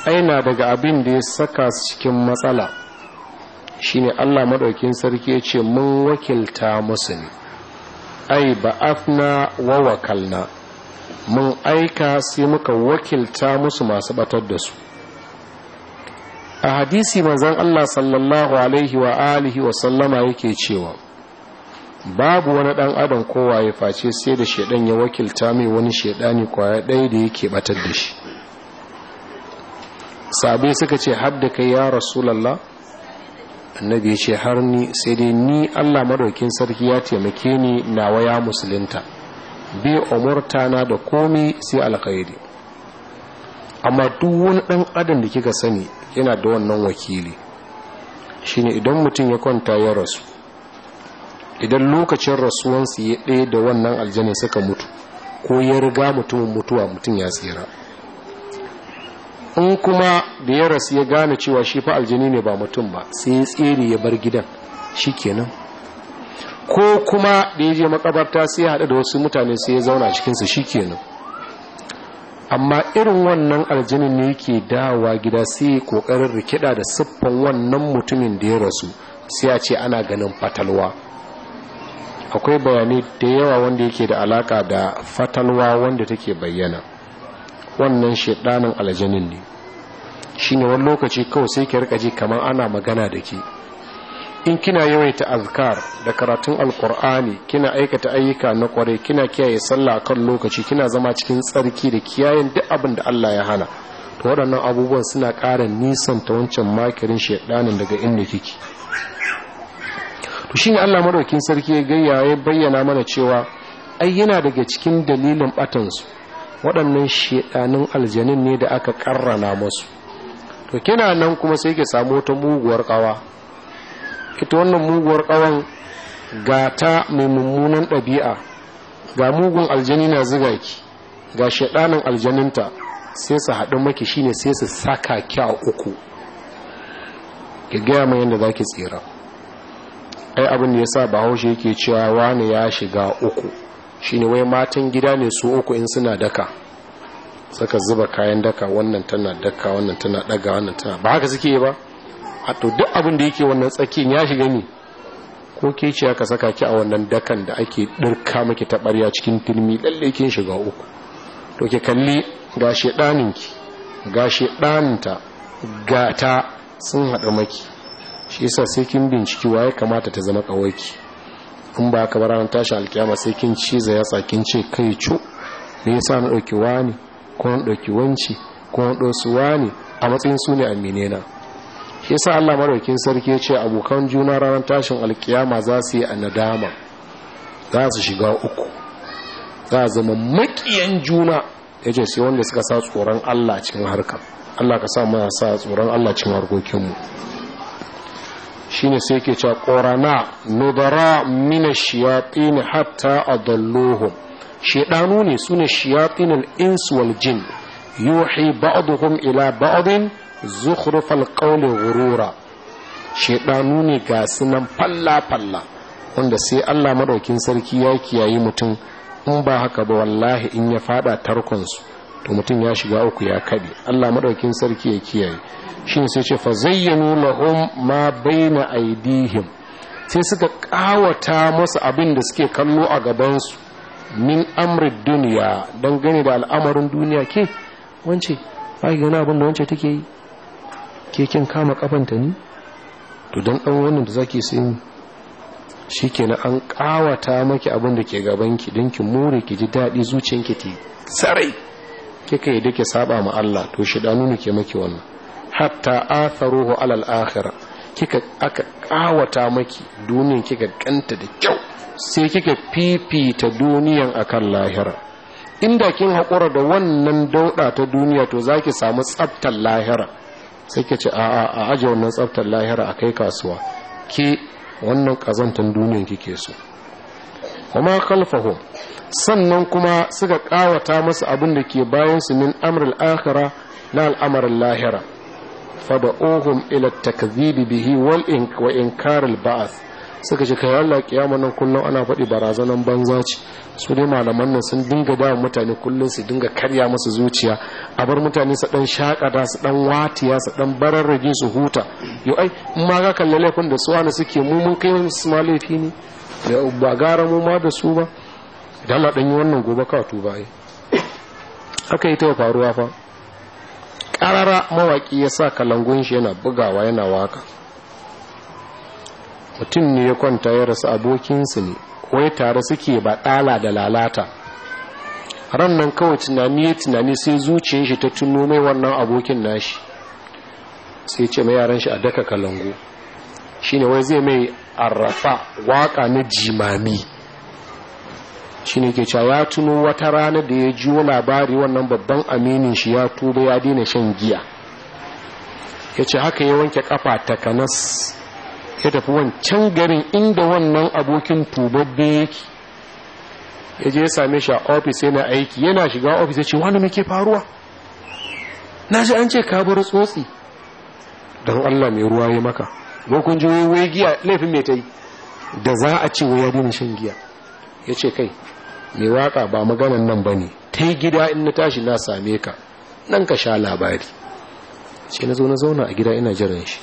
aina daga abin da ya saka su cikin matsala shine Allah madaukin sarki ya ce mun wakilta musu ne ai ba'athna wa wakalna mun aika sai muka wakilta musu masu batar da su a hadisi manzon Allah sallallahu alaihi wa alihi wa sallama yake cewa babu wani dan adam kowa ya face sai da shedan ya wakilta mai wani shedani kwaya ɗaya da yake batar da shi sabi suka ce hadda kai ya rasulallah annabi ya ce har ni sai dai ni allah madaukin sarki ya taimake ni nawa ya musulunta bi omarta na da komi sai alkhairi amma duk wani dan adam da kika sani yana da wannan wakili shine idan mutum ya kwanta ya rasu idan lokacin rasuwansu ya ɗaya da wannan aljanin suka mutu ko ya riga mutumin mutuwa mutum ya tsira in kuma da ya rasu ya gane cewa shi fa aljini ne ba mutum ba sai ya tsere ya bar gidan shi kenan ko kuma da ya je makabarta sai ya haɗu da wasu mutane sai ya zauna cikinsa shi kenan amma irin wannan aljinin ne yake dawa gida sai kokarin rikida da siffan wannan mutumin da ya rasu sai a ce ana ganin fatalwa akwai bayanai da yawa wanda yake da alaka da fatalwa wanda take bayyana wannan shedanin aljanin ne Shi ne wani lokaci kawai sai ki rika ji kamar ana magana da ke in kina yawaita azkar da karatun alkur'ani kina aikata ayyuka na kware kina kiyaye sallah kan lokaci kina zama cikin tsarki da kiyayen duk abin da Allah ya hana to waɗannan abubuwan suna ƙara nisan ta wancan makirin shaidanin daga inda kiki. to shine Allah madaukin sarki ya gayya ya bayyana mana cewa ai yana daga cikin dalilin batansu waɗannan shedanin aljanin ne da aka karrana musu to kina nan kuma sai ke samu ta muguwar kawa ita wannan muguwar kawan ga ta mai mummunan ɗabi'a ga mugun aljani na zuga ki ga shedanin aljaninta sai su haɗu maki shine sai su saka ki a uku ki gaya mai yadda zaki tsira ai abin da ya sa bahaushe yake cewa wani ya shiga uku shi ne wai matan gida ne su uku in suna daka saka zuba kayan daka wannan tana daka wannan tana daga wannan tana ba haka suke ba a to duk abin da yake wannan tsakin ya shiga ne ko ke ce aka saka ki a wannan dakan da ake dirka miki taɓarya cikin tilmi lalle kin shiga uku to ki kalli ga shedaninki ga shedaninta ga ta sun haɗu maki shi yasa sai kin binciki waye kamata ta zama kawaki in ba ka bara tashi alkiyama sai kin ciza ya tsakin ce kai cu me yasa na dauki wani ko na dauki wanci ko na dosu wani a matsayin su ne amine na shi yasa Allah madaukin sarki ya ce abokan juna ranar tashin alkiyama za su yi a nadama za su shiga uku za a zama makiyan juna ya ce sai wanda suka sa tsoron Allah cikin harkar Allah ka sa mana sa tsoron Allah cikin harkokinmu shine sai ke cewa ƙorana nudara mina shiyatin hatta adalluhum shedanu ne sune shiyatin al-ins wal jin yuhi ba'dhum ila ba'adin zukhrufal qawli ghurura shedanu ne ga sunan falla falla wanda sai Allah madaukin sarki ya kiyayi mutum in ba haka ba wallahi in ya fada tarkon su to mutum ya shiga uku ya kabe Allah madaukin sarki ya kiyaye shi sai ce fa zayyanu lahum ma baina aidihim sai suka kawata masa abin da suke kallo a su min amrid duniya don gane da al'amarin duniya ke wance ba ki gani abin da wance take yi ke kin kama kafanta ni to don ɗan wannan da zaki sayi shi na an kawata maki abin da ke gaban ki dan ki more ki ji daɗi zuciyanki ta sarai kika yi da saba ma Allah to shi da ne ke maki wannan hatta atharuhu alal akhira kika aka kawata maki duniyan kika kanta da kyau sai kika fifita duniyan akan lahira inda kin hakura da wannan dauɗa ta duniya to zaki samu tsaftar lahira sai kace a a a aje wannan tsaftar lahira akai kasuwa ki wannan kazantan duniyan kike so kuma khalfahum sannan kuma suka kawata masa abin da ke bayan su min amrul akhirah na al'amarin lahira fada'uhum ila takzibi bihi wal wa inkaril suka ce kai Allah kiyama nan kullun ana faɗi barazanan banzaci su dai malaman nan sun dinga ba mutane kullum su dinga karya masu zuciya a bar mutane su dan shakata su dan watiya su dan bararrage su huta yo ai in ma ga kallale laifin da suwa ne suke mu mun kai musu ma laifi ne ya ba gara mu ma da su ba da Allah dan yi wannan gobe ka tuba ai haka ta faruwa fa karara mawaki ya sa kalangun shi yana bugawa yana waka mutum ne ya kwanta ya rasu abokinsu ne wai tare suke ba ɗala da lalata ran nan kawai tunani ya tunani sai zuciyar shi ta tuno mai wannan abokin nashi sai ce mai yaran shi a daka kalangu shine wai zai mai arrafa waka na jimami shine ke cewa ya tuno wata rana da ya jiwo labari wannan babban aminin shi ya tuba ya daina shan giya ya ce haka ya wanke kafa takanas ya tafi wancan garin inda wannan abokin tubabbe yake ya je ya same shi a ofis yana aiki yana shiga ofis ya ce wani ke faruwa na ji an ce ka bar tsotsi don allah mai ruwa ya maka lokun jiwoyi giya laifin mai ta yi da za a ce wa ya daina shan giya ya ce kai mai waka ba maganan nan ba ne ta yi gida in na tashi na same ka nan ka sha labari sai na zo na zauna a gida ina jiran shi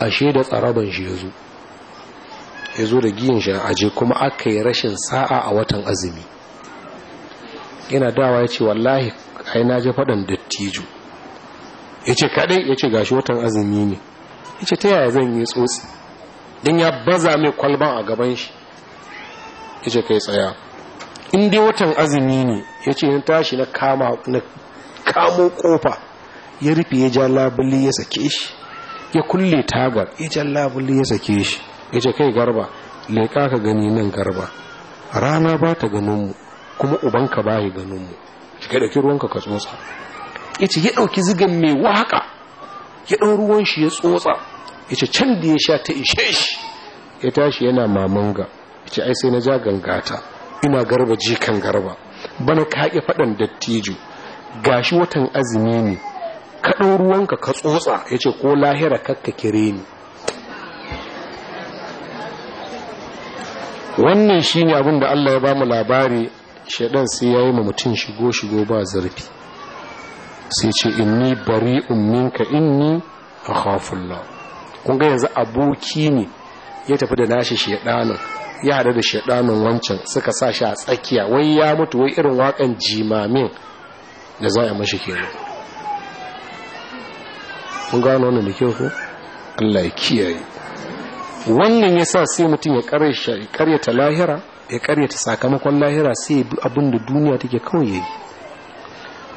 ashe da tsaraban shi ya zo ya zo da giyan shi je kuma aka yi rashin sa'a a watan azumi yana dawa ya ce wallahi ai na ji faɗan dattijo ya ce kaɗai ya ce gashi watan azumi ne ya ce ta yaya zan yi tsotsi don ya baza mai kwalban a gaban shi ya ce kai tsaya in dai watan azumi ne ya ce na tashi na kamo kofa ya rufe ya ja labule ya sake shi ya kulle tagar ya ja labule ya sake shi ya ce kai garba leƙa ka gani nan garba rana ba ta ganinmu kuma ubanka ba ya ganinmu ka ɗauki ruwanka ka tsotsa ya ce ya ɗauki zigan mai waƙa ya ɗau ruwan shi ya tsotsa ya ce can da ya sha ta ishe shi ya tashi yana mamanga ya ce ai sai na ja gangata Ina garba jikan garba bana ka ƙi faɗan dattijo gashi watan azumi ne ka ɗau ruwanka ka tsotsa ya ce ko lahira kakka kire ni wannan shine ne abin da allah ya ba mu labari shaɗan sai ya yi ma mutum shigo-shigo ba zurfi sai ce inni bari umminka inni a hafullah kun ga yanzu aboki ne ya tafi da nashi shaɗanin ya hada da shaɗanin wancan suka sa shi a tsakiya wai ya mutu wai irin waƙan jimamin da za a mashi kenan mun gano wani da ke ku? Allah ya kiyaye wannan ya sa sai mutum ya karyata lahira ya karyata sakamakon lahira sai abin da duniya take kawai yi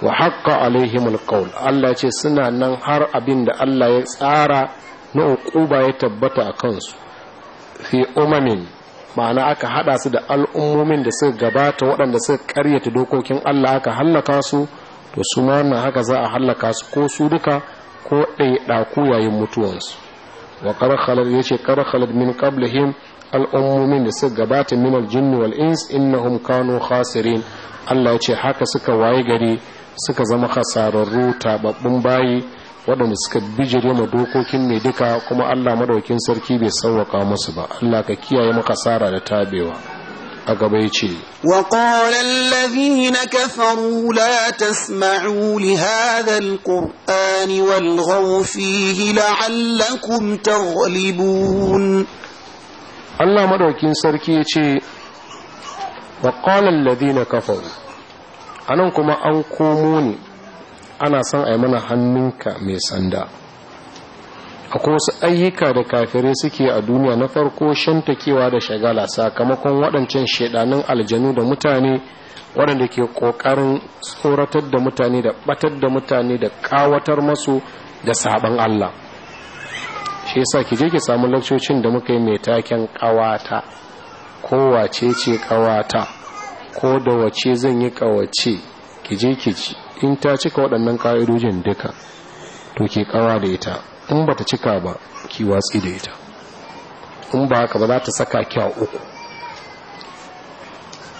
wa haqqa alaihimul kawul. Allah ce suna nan har abin da Allah ya tsara na uquba ya tabbata a kansu fi umamin ma'ana aka hada su da al'ummomin da suka gabata waɗanda suka karyata dokokin Allah aka hallaka su to su ma haka za a hallaka su ko su duka ko ɗaiɗaku yayin mutuwansu wa karkhalar ya ce karkhalar min qablihim al'ummomin da suka gabata min al-jinn wal ins innahum kanu khasirin Allah yace haka suka waye gari suka zama khasararru tababbun bayi waɗanda suka bijire ma dokokin mai duka kuma Allah madaukin sarki bai sauwaka musu ba Allah ka kiyaye maka tsara da tabewa a gaba yace wa qala alladhina kafaru la tasma'u li hadha alqur'ani walghaw fihi la'allakum taghlibun Allah madaukin sarki yace wa qala alladhina kafaru anan kuma an komo ne ana son a yi mana hannunka mai sanda akwai wasu ayyuka da kafirai suke a duniya na farko shantakewa da shagala sakamakon waɗancan shaidanin aljanu da mutane waɗanda ke ƙoƙarin tsoratar da mutane da ɓatar da mutane da ƙawatar masu da sabon Allah shi yasa ki je ki samu lakcocin da muka yi mai taken ƙawata ko wace ce ƙawata ko da wace zan yi ƙawace ki je ki ji in ta cika waɗannan ƙa'idojin duka to ke ƙawa da ita in ba ta cika ba ki watsi da ita in ba haka ba za ta saka kya uku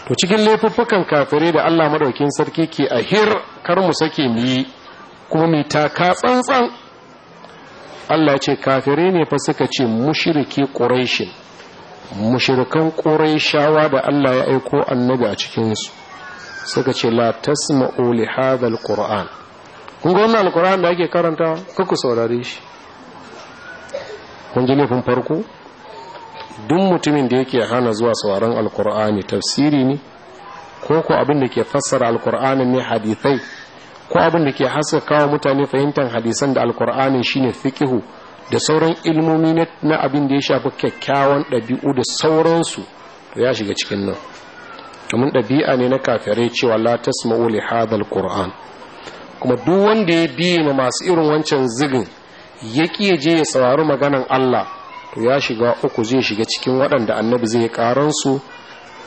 to cikin laifuffukan kafirai da Allah maɗaukin sarki ke a hir kar mu sake mu kuma mai taka tsantsan Allah ce kafirai ne fa suka ce mushriki quraishin mushrikan quraishawa da Allah ya aiko annabi a cikinsu. suka ce la tasma'u li hadhal qur'an kun ga wannan alqur'an da ake karanta ku saurare shi kun ji laifin farko duk mutumin da yake hana zuwa sauraron alqur'ani tafsiri ne ko ko abin da ke fassara alqur'ani ne hadithai ko abin da ke haska kawo mutane fahimtar hadisan da alqur'ani shine fiqihu da sauran ilmomi na abin da ya shafi kyakkyawan dabi'u da sauransu to ya shiga cikin nan domin ɗabi'a ne na kafirai cewa la tasma'u li hadal kuma duk wanda ya biye ma masu irin wancan zigin ya ƙiye je ya saurari maganan Allah to ya shiga uku zai shiga cikin waɗanda annabi zai ƙaran su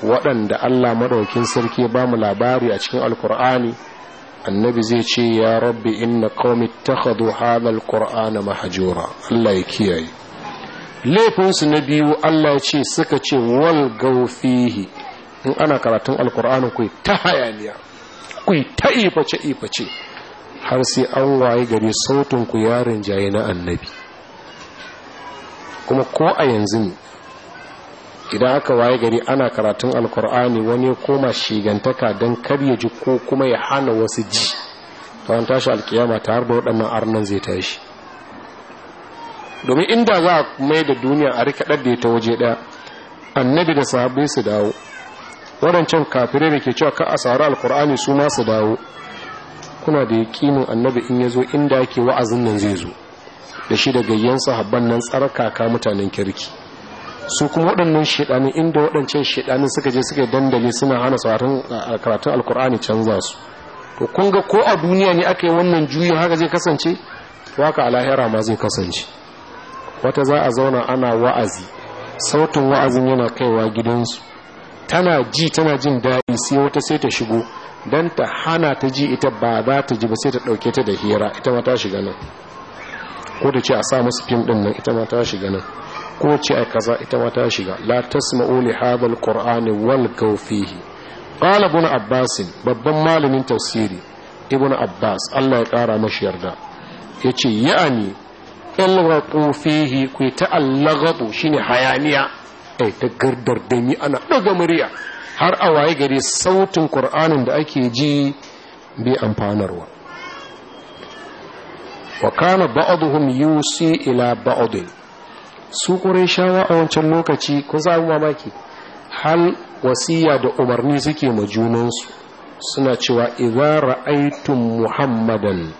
waɗanda Allah maɗaukin sarki ba mu labari a cikin alkur'ani annabi zai ce ya rabbi inna qaumi ittakhadhu hadha alqur'ana mahjura Allah ya kiyaye laifinsu na biyu Allah ce suka ce wal gaufihi in ana karatun alkur'ani ku ta hayaniya ku ta iface iface har sai an waye gari sautin ku yarin jaye na annabi kuma ko a yanzu ne idan aka waye gari ana karatun alkur'ani wani ya koma shigantaka don kar ya ji ko kuma ya hana wasu ji ta tashi alkiyama ta har da waɗannan arnan zai tashi domin inda za a mai da duniya a rikaɗar da ya ta waje ɗaya annabi da sahabbai su dawo waɗancan kafirai da ke cewa ka a tsari alkur'ani su masu dawo kuna da yaƙinin annabi in ya zo inda yake wa'azin nan zai zo da shi da gayyan sahabban nan kaka mutanen kirki su kuma waɗannan shaɗani inda waɗancan shiɗani suka je suka dandali suna hana sauran karatun alkur'ani canza su to kun ga ko a duniya ne aka yi wannan juyin haka zai kasance to haka a lahira ma zai kasance wata za a zauna ana wa'azi sautin wa'azin yana kaiwa gidansu tana ji tana jin daɗi sai wata sai ta shigo don ta hana ta ji ita ba za ta ji ba sai ta ɗauke ta da hira ita ma ta shiga nan ko da ce a sa masu fim ɗin nan ita ma ta shiga nan ko ce a kaza ita ma ta shiga la tasma'u li hadha alqur'ani wal gawfihi qala ibn abbas babban malamin tafsiri ibn abbas Allah ya kara mashi yarda yace ya'ani ilraqu fihi ku ta'allaqu shine hayaniya ai ta gardar danyi ana ɗaga murya har a waye gari sautin ƙur'anin da ake ji bai amfanarwa wa kana ba'aduhum yusi ila ba'adin su shawa a wancan lokaci kun samu mamaki hal wasiya da umarni suke ma junansu suna cewa idza ra'aytum muhammadan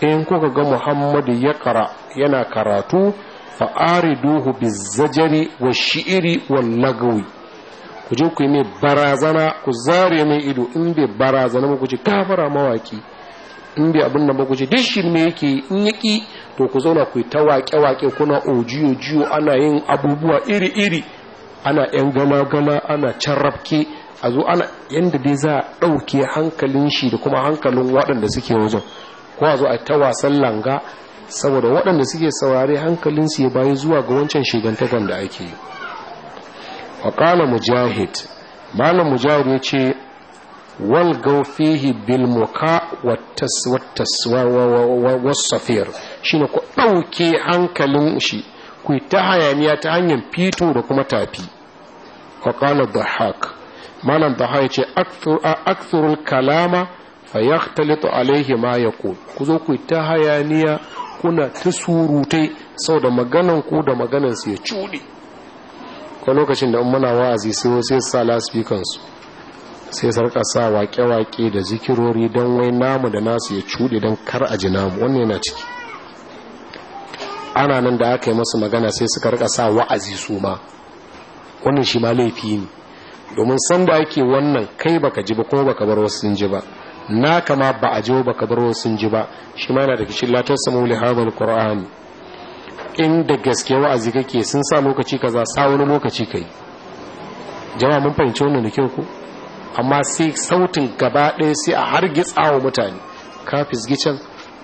in kuka ga muhammadu ya kara yana karatu fa ariduhu bizzajari wa shi'iri wal lagawi ku je ku yi mai barazana ku zare mai ido in bai barazana ba ku ji kafara mawaki in bai abin nan ba ku ji duk yake in yaki to ku zauna ku yi ta waƙe-waƙe kuna ojiyo-jiyo ana yin abubuwa iri-iri ana yan gana-gana ana carrafke a zo ana yadda dai za a ɗauke hankalin shi da kuma hankalin waɗanda suke wajen ko a zo a ta wasan langa saboda waɗanda suke saurare hankalinsu ya bayi zuwa ga wancan shigantakan da ake yi waƙala mujahid malam mujahid ya ce wal gaufihi bil muka wasafir shi ne ku ɗauke hankalin shi ku ta hayaniya ta hanyar fito da kuma tafi waƙala Dahak malam dhahak ya ce aksurul kalama fayaktalitu alaihi ma ya ku zo ku ta hayaniya kuna ta surutai sau da maganan ku da maganan su ya cuɗe ko lokacin da in muna wa'azi sai wasu sa laspikan su sai sarka sa waƙe-waƙe da zikirori don wai namu da nasu ya cuɗe don kar a ji namu wannan yana ciki ana nan da aka yi masu magana sai suka rika sa wa'azi su ma wannan shi ma laifi ne domin sanda ake wannan kai baka ji ba kuma baka bar wasu sun ji ba na kama ba a jiwo ba kabar sun ji ba shi ma na da kishin latar samu lihabar qur'ani inda gaske wa'azi kake sun sa lokaci kaza sa wani lokaci kai jama'a mun fahimci wannan da kyau ko amma sai sautin gaba ɗaya sai a hargitsa wa mutane ka fisgi can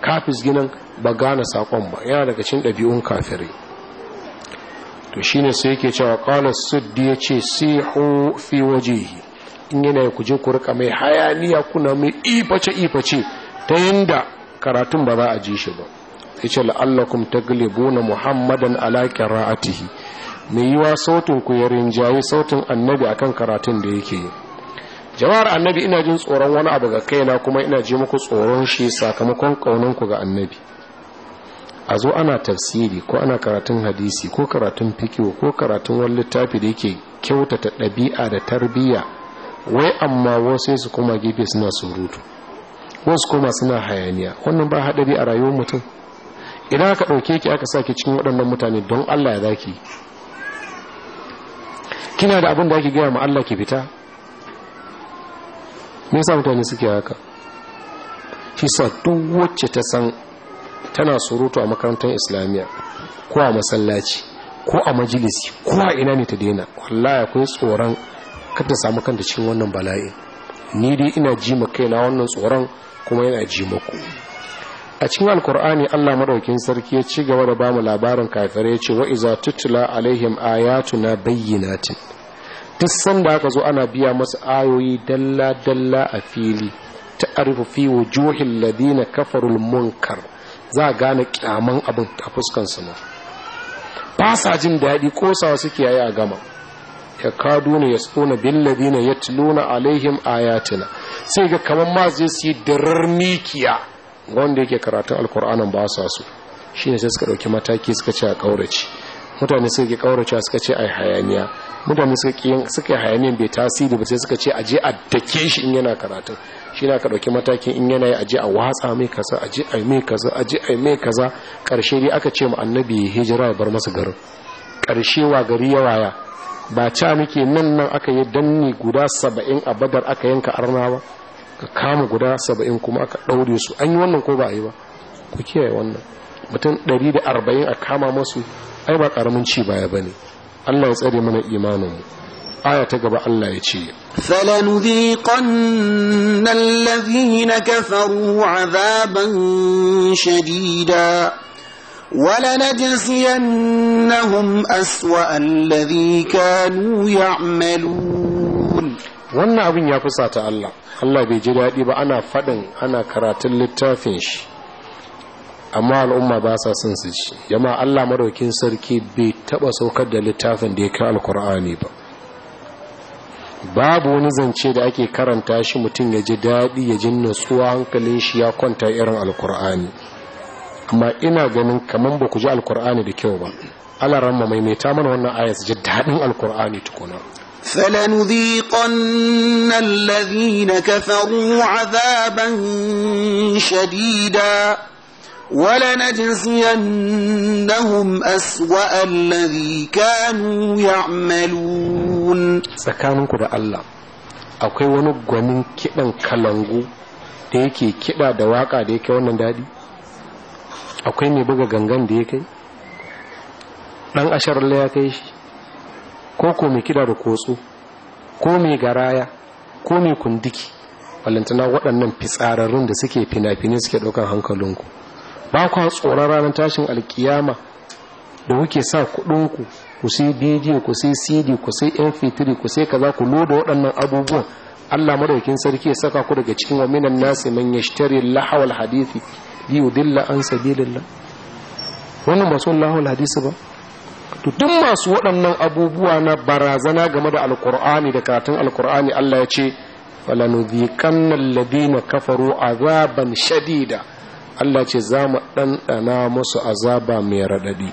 ka fisgi nan ba gane saƙon ba yana daga cikin ɗabi'un kafirai to shine sai yake cewa qala suddi yace sihu fi wajihi in yana ya kuje ku rika mai hayaniya kuna mai iface iface ta yanda karatun ba za a ji shi ba ta la'allakum na muhammadan alaƙin qira'atihi mai yiwa sautin ku ya rinjaye sautin annabi akan karatun da yake yi jama'ar annabi ina jin tsoron wani abu ga kaina kuma ina ji muku tsoron shi sakamakon ku ga annabi a zo ana tafsiri ko ana karatun hadisi ko karatun fikiyo ko karatun wani littafi da yake kyautata ɗabi'a da tarbiyya wai amma wasu su koma gefe suna surutu wasu koma suna hayaniya wannan ba haɗari a rayuwar mutum idan aka ɗauke ki aka sa ki cikin waɗannan mutane don allah ya zaki kina da abin da ake gaya ma allah ki fita me sa mutane suke haka shi sa duk wacce ta san tana surutu a makarantar islamiyya ko a masallaci ko a majalisi ko a ina ne ta daina wallahi akwai tsoron kada samu kanta cikin wannan bala'i ni dai ina ji ma kaina wannan tsoron kuma yana ji maku a cikin alkur'ani Allah madaukin sarki ya ci gaba da ba mu labarin kafirai ya ce wa iza tutla alaihim ayatuna bayyinatin duk sanda aka zo ana biya masu ayoyi dalla dalla a fili ta arifu fi wujuhil ladina kafarul munkar za a gane kyaman abin a fuskan su ma jin daɗi ko sawa suke yayi a gama ya Kaduna ne ya tsona billabi ne ya tilona alaihim ayatina sai ga kamar ma zai su yi darar mikiya wanda yake karatun alkur'anin ba su su shi ne sai suka ɗauki mataki suka ce a ƙaurace mutane suka ke ƙaurace suka ce a yi hayaniya mutane suka yi hayaniyan bai tasiri ba sai suka ce a je a dake shi in yana karatun shi na ka ɗauki matakin in yana yi a je a watsa mai kaza a je a mai kaza a je a mai kaza ƙarshe dai aka ce ma annabi hijira ya bar masa garin ƙarshe wa gari ya waya ba ca muke nan nan aka yi danni guda saba'in a badar aka yanka arna ba ka kama guda saba'in kuma aka ɗaure su an yi wannan ko ba a yi ba ku kiyaye wannan mutum ɗari da arba'in a kama masu ai ba karamin ci baya ba ne allah ya tsare mana imaninmu aya ta gaba allah ya ce فلنذيقن الذين كفروا عذابا شديدا ولنجزينهم أسوأ الذي كانوا يعملون wannan abin ya fusata Allah Allah bai ji daɗi ba ana faɗin ana karatun littafin shi amma al'umma ba sa son su ci yamma Allah maraukin sarki bai taɓa saukar da littafin da ya kai alkur'ani ba babu wani zance da ake karanta shi mutum ya ji daɗi ya ji natsuwa hankalin shi ya kwanta irin alkur'ani amma ina ganin kamar ba ku ji alkur'ani da kyau ba ala ramma maimaita mana wannan aya su ji daɗin alkur'ani tukuna فلنذيقن الذين كفروا عذابا Aswa, ولنجزينهم kanu الذي كانوا يعملون da Allah, akwai wani gwanin kiɗan kalangu da yake kiɗa da waƙa da yake wannan daɗi akwai mai buga gangan da ya kai ɗan asharla ya kai shi ko ko mai kida da kotso ko mai garaya ko mai kundiki walantana waɗannan fitsararrun da suke fina-finai suke ɗaukar hankalinku ba kwa tsoron ranar tashin alkiyama da kuke sa kuɗinku ku sai bidiyo ku sai cd ku sai mp3 ku sai kaza ku loda waɗannan abubuwan allah madaukin sarki ya saka ku daga cikin waminan nasi man yashtari lahawal hadithi liyudilla an sabilillah wannan ba sun lahul hadisi ba to duk masu waɗannan abubuwa na barazana game da alkur'ani da karatun alkur'ani Allah ya ce falanudhiqanna alladhina kafaru azaban shadida Allah ce za mu ɗanɗana musu azaba mai raɗaɗi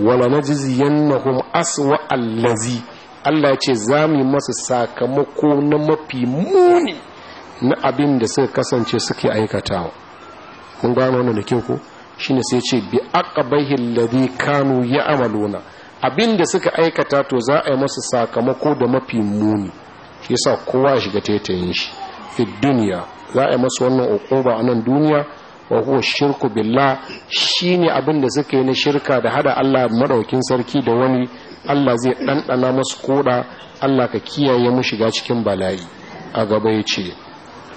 wala najziyannahum aswa allazi Allah ce za mu masu sakamako na mafi muni na abin da suka kasance suke aikatawa Kun gano wannan da kyau ko shine sai ce bi aqabahi alladhi kanu ya'maluna abinda suka aikata to za a yi masa sakamako da mafi muni shi yasa kowa ya shiga taitayin shi fi duniya za a yi masa wannan ukuba a nan duniya wa huwa shirku billah shine abin da suka yi na shirka da hada Allah madaukin sarki da wani Allah zai ɗanɗana masu koda Allah ka kiyaye mu shiga cikin bala'i a gaba ya ce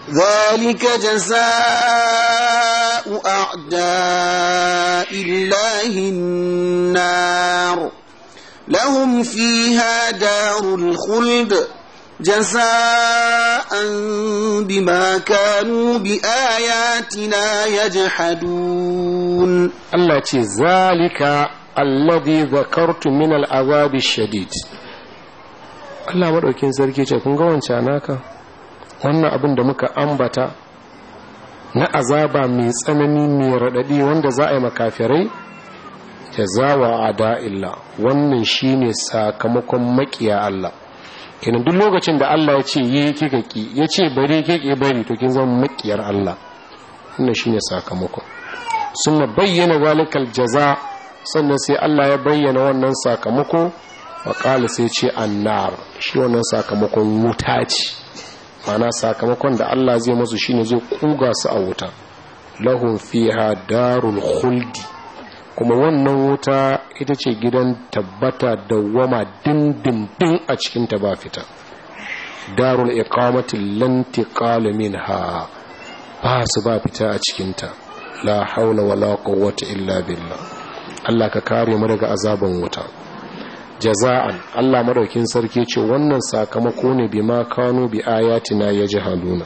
zalika jazaa أعداء الله النار لهم فيها دار الخلد جزاء بما كانوا بآياتنا يجحدون الله ذلك alladhi zakartu min al'azab ash Allah madaukin sarki ce kun ga wancan naka wannan abin da muka ambata na azaba mai tsanani mai raɗaɗi wanda za a yi makafirai jazawa a da'illa wannan shi ne sakamakon makiya Allah kenan duk lokacin da Allah ya ce yi kika ya ce bari kike bari to kin zama makiyar Allah wannan shi ne sakamakon suna bayyana zalikal jaza sannan sai Allah ya bayyana wannan sakamako wa sai ce annar shi wannan sakamakon wuta ce mana sakamakon da Allah zai masu shine zai kuga su a wuta lahum fiha darul khuldi kuma wannan wuta ita ce gidan tabbata da wama dindindin a cikin ta ba fita darul iqamati lan tiqal minha ba su ba fita a cikin ta la haula wala quwwata illa billah Allah ka kare mu daga azaban wuta jaza'an Allah madaukin sarki ce wannan sakamako ne bi ma kano bi ayatina haluna.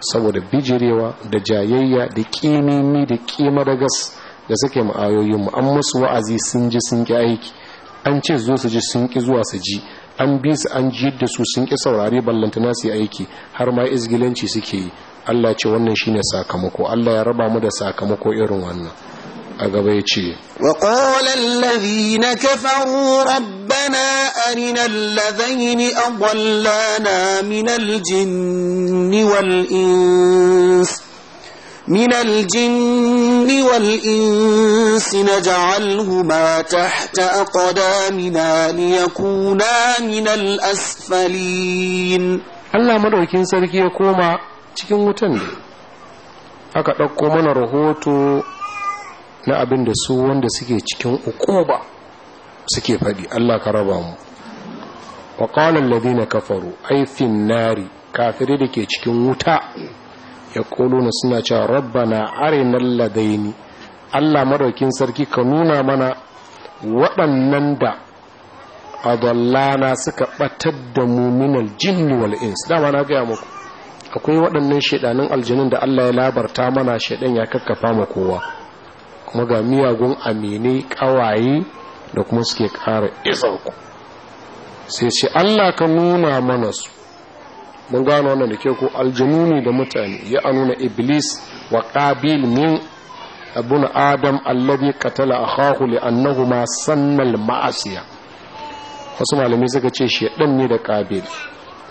saboda bijirewa da jayayya da kimimi da kima da gas da suke ma'ayoyin mu an musu wa'azi sun ji sun ki aiki an ce zo su ji sun ki zuwa su ji an bi su an ji da su sun ki saurari ballantana su aiki har ma izgilanci suke yi Allah ce wannan shine sakamako Allah ya raba mu da sakamako irin wannan a gaba ya ce ربنا أرنا الذين أضلانا من الجن والإنس من الجن والإنس نجعلهما تحت أقدامنا ليكونا من الأسفلين الله madaukin sarki ya koma cikin wutan ne aka ɗauko mana rahoto na abin da su wanda suke cikin ukuba suke faɗi Allah ka raba mu wa qala alladhina kafaru ay an nari kafiri da ke cikin wuta ya kuluna suna cewa rabbana arina ladaini Allah madaukin sarki ka nuna mana waɗannan da adallana suka batar da muminal jinni wal ins dama na gaya muku akwai waɗannan shedanin aljinin da Allah ya labarta mana shedan ya kakkafa ma kowa kuma ga miyagun amine ƙawaye da kuma suke kara ku. sai ce Allah ka nuna mana su mun gano wannan da ke ku aljanuni da mutane ya nuna iblis wa qabil min abun adam alladhi qatala akhahu li annahu ma sanna al ma'asiya wasu malami suka ce shedan ne da qabil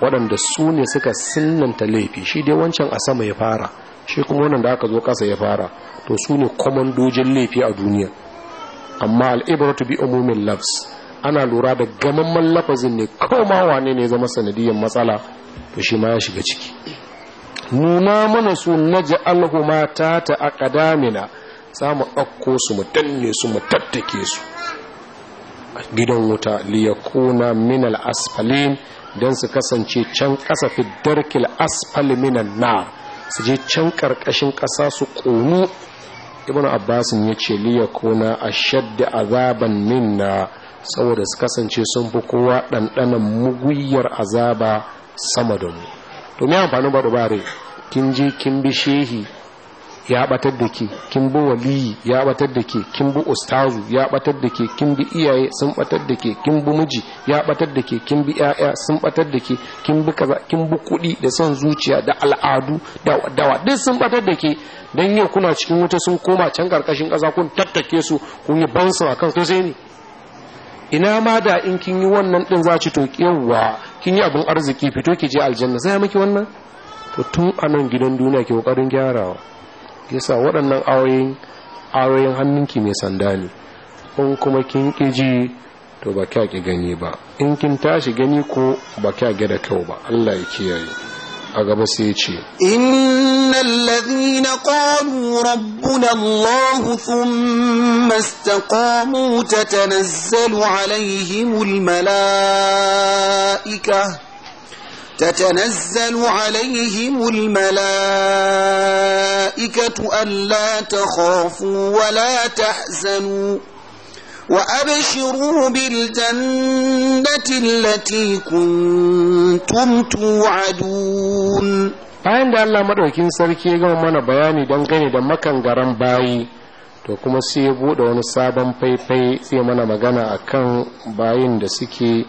waɗanda su ne suka sinnanta laifi shi dai wancan a sama ya fara shi kuma wannan da aka zo kasa ya fara to su ne kwamandojin laifi a duniya amma al'ibratu bi umumin lafs ana lura da gamamman lafazin ne koma wane ne zama sanadiyyar matsala to shi ma ya shiga ciki nuna mana su ji alhuma ta ta a ƙadamina za mu ɗauko su mu danne su mu tattake su a gidan wuta liyakuna minal asfalin don su kasance can ƙasa fi darkil asfalin minan na su je can ƙarƙashin ƙasa su ƙonu ibn abbas ya ce liya kuna ashadda azaban minna saboda su kasance sun fi kowa ɗanɗanan muguyar azaba sama da mu to me amfanin ba kin je kin bi shehi ya batar da ke kin bi waliyi ya batar da ke kin bi ustazu ya batar da ke kin bi iyaye sun batar da ke kin bi miji ya batar da ke kin bi yaya sun batar da ke kin bi kaza kin bi kudi da son zuciya da al'adu da dawa duk sun batar da ke dan yau kuna cikin wuta sun koma can karkashin kasa kun tattake su kun yi bansa kan to sai ne ina ma da in kin yi wannan din za ci to yawwa kin yi abin arziki fito ki je aljanna sai miki wannan to tun anan gidan duniya ke kokarin gyarawa yasa waɗannan ayoyin ayoyin hannunki mai sanda ne in kuma kin ƙiji to ba kya ki gani ba in kin tashi gani ko ba kya gida da kyau ba Allah ya kiyaye a gaba sai ya ce innal na qalu rabbuna Allah thumma istaqamu tatanazzalu alaihimul mala'ika تتنزل عليهم الملائكة ألا تخافوا ولا تحزنوا وأبشروا بالجنة التي كنتم توعدون bayan da Allah كن sarki ya gama mana bayani gane da makangaran bayi to kuma sai ya bude wani sabon faifai sai mana magana akan bayin da suke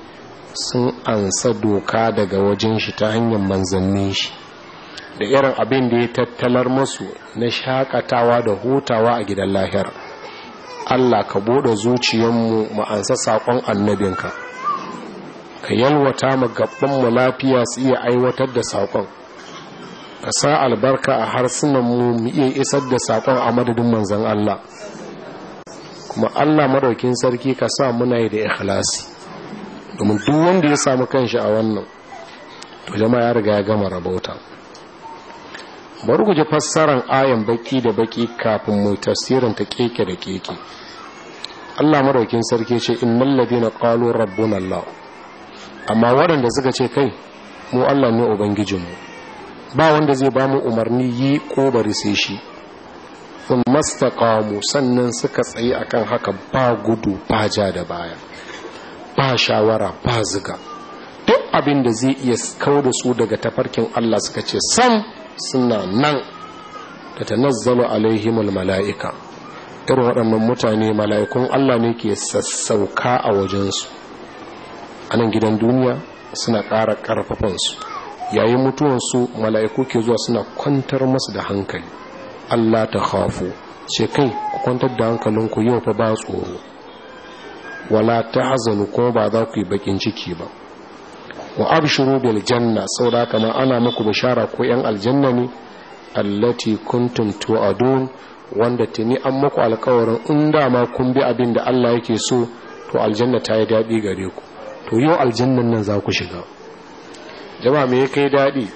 sun ansa doka daga wajen shi ta hanyar manzannin shi da irin abin da ya tattalar masu na shakatawa da hutawa a gidan lahiyar Allah ka bude zuciyarmu mu ansa saƙon annabinka ka yalwata mu mu lafiya su iya aiwatar da saƙon ka sa albarka a harsunan mu iya isar da saƙon a madadin manzan Allah kuma Allah madaukin sarki ka sa muna yi da ikhlasi domin duk wanda ya samu kanshi a wannan to jama'a ya riga ya gama rabauta bari ku ji fassaran ayan baki da baki kafin mu tafsirin ta keke da keke Allah maraukin sarki ce innal ladina qalu rabbuna Allah amma waɗanda suka ce kai mu Allah ne ubangijin mu ba wanda zai ba mu umarni yi ko bari sai shi sun mastaqamu sannan suka tsayi akan haka ba gudu ba ja da baya ba shawara ba ziga duk abin da zai iya kawo da su daga tafarkin Allah suka ce sam suna nan da ta nazzalo alaihimul mala'ika irin waɗannan mutane mala'ikun Allah ne ke sassauka a wajensu a nan gidan duniya suna ƙara ƙarfafansu yayin mutuwansu mala'iku ke zuwa suna kwantar masu da hankali Allah ta hafu ce kai kwantar da hankalinku yau fa ba tsoro wala ta hazanu ko ba za ku yi bakin ciki ba wa abshuru bil janna saboda kamar ana muku bishara ko yan aljanna ne allati kuntum tu'adun wanda tuni an muku alƙawarin in dama kun bi abin da Allah yake so to aljanna ta yi daɗi gare ku to yau aljannan nan za ku shiga jama'a me kai daɗi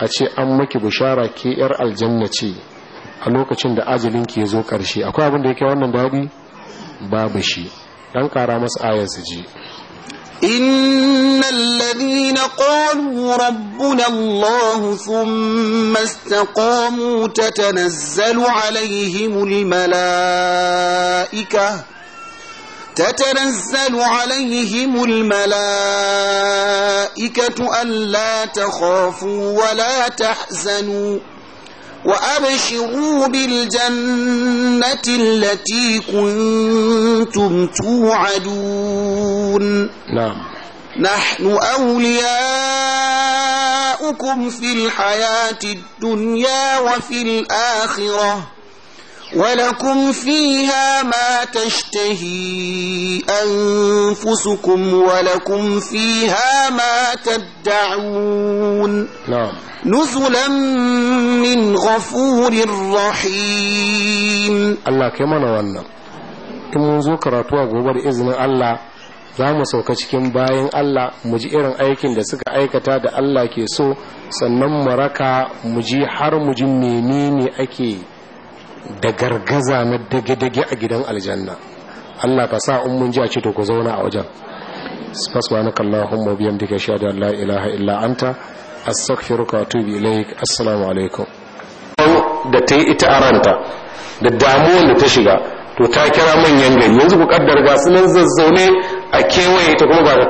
a ce an maki bishara ke yar aljanna ce a lokacin da ajalin ki ya zo ƙarshe akwai abin da yake wannan daɗi babu shi dan kara masu ayan su ji innal ladina qalu rabbuna allah thumma istaqamu tatanazzalu alaihim almalaika تتنزل عليهم الملائكه الا kofu ولا تحزنوا وأبشروا بالجنة التي كنتم توعدون نعم نحن أولياؤكم في الحياة الدنيا وفي الآخرة ولكم فيها ما تشتهي أنفسكم ولكم فيها ما تدعون نعم نزلا من غفور رحيم الله كما نوانا in mun zo karatu a gobe da izinin Allah za mu sauka cikin bayan Allah mu ji irin aikin da suka aikata da Allah ke so sannan mu raka mu ji har mu ji menene ake da gargaza na dage-dage a gidan aljanna Allah ka sa in mun ji a ce to ku zauna a wajen subhanakallahumma wa bihamdika ashhadu an la ilaha illa anta astaghfiruka wa atubu ilaik assalamu alaikum da ta yi ita aranta da damuwar da ta shiga to ta kira manyan gari yanzu ku kaddar ga sunan zazzaune a kewaye ta kuma ba ta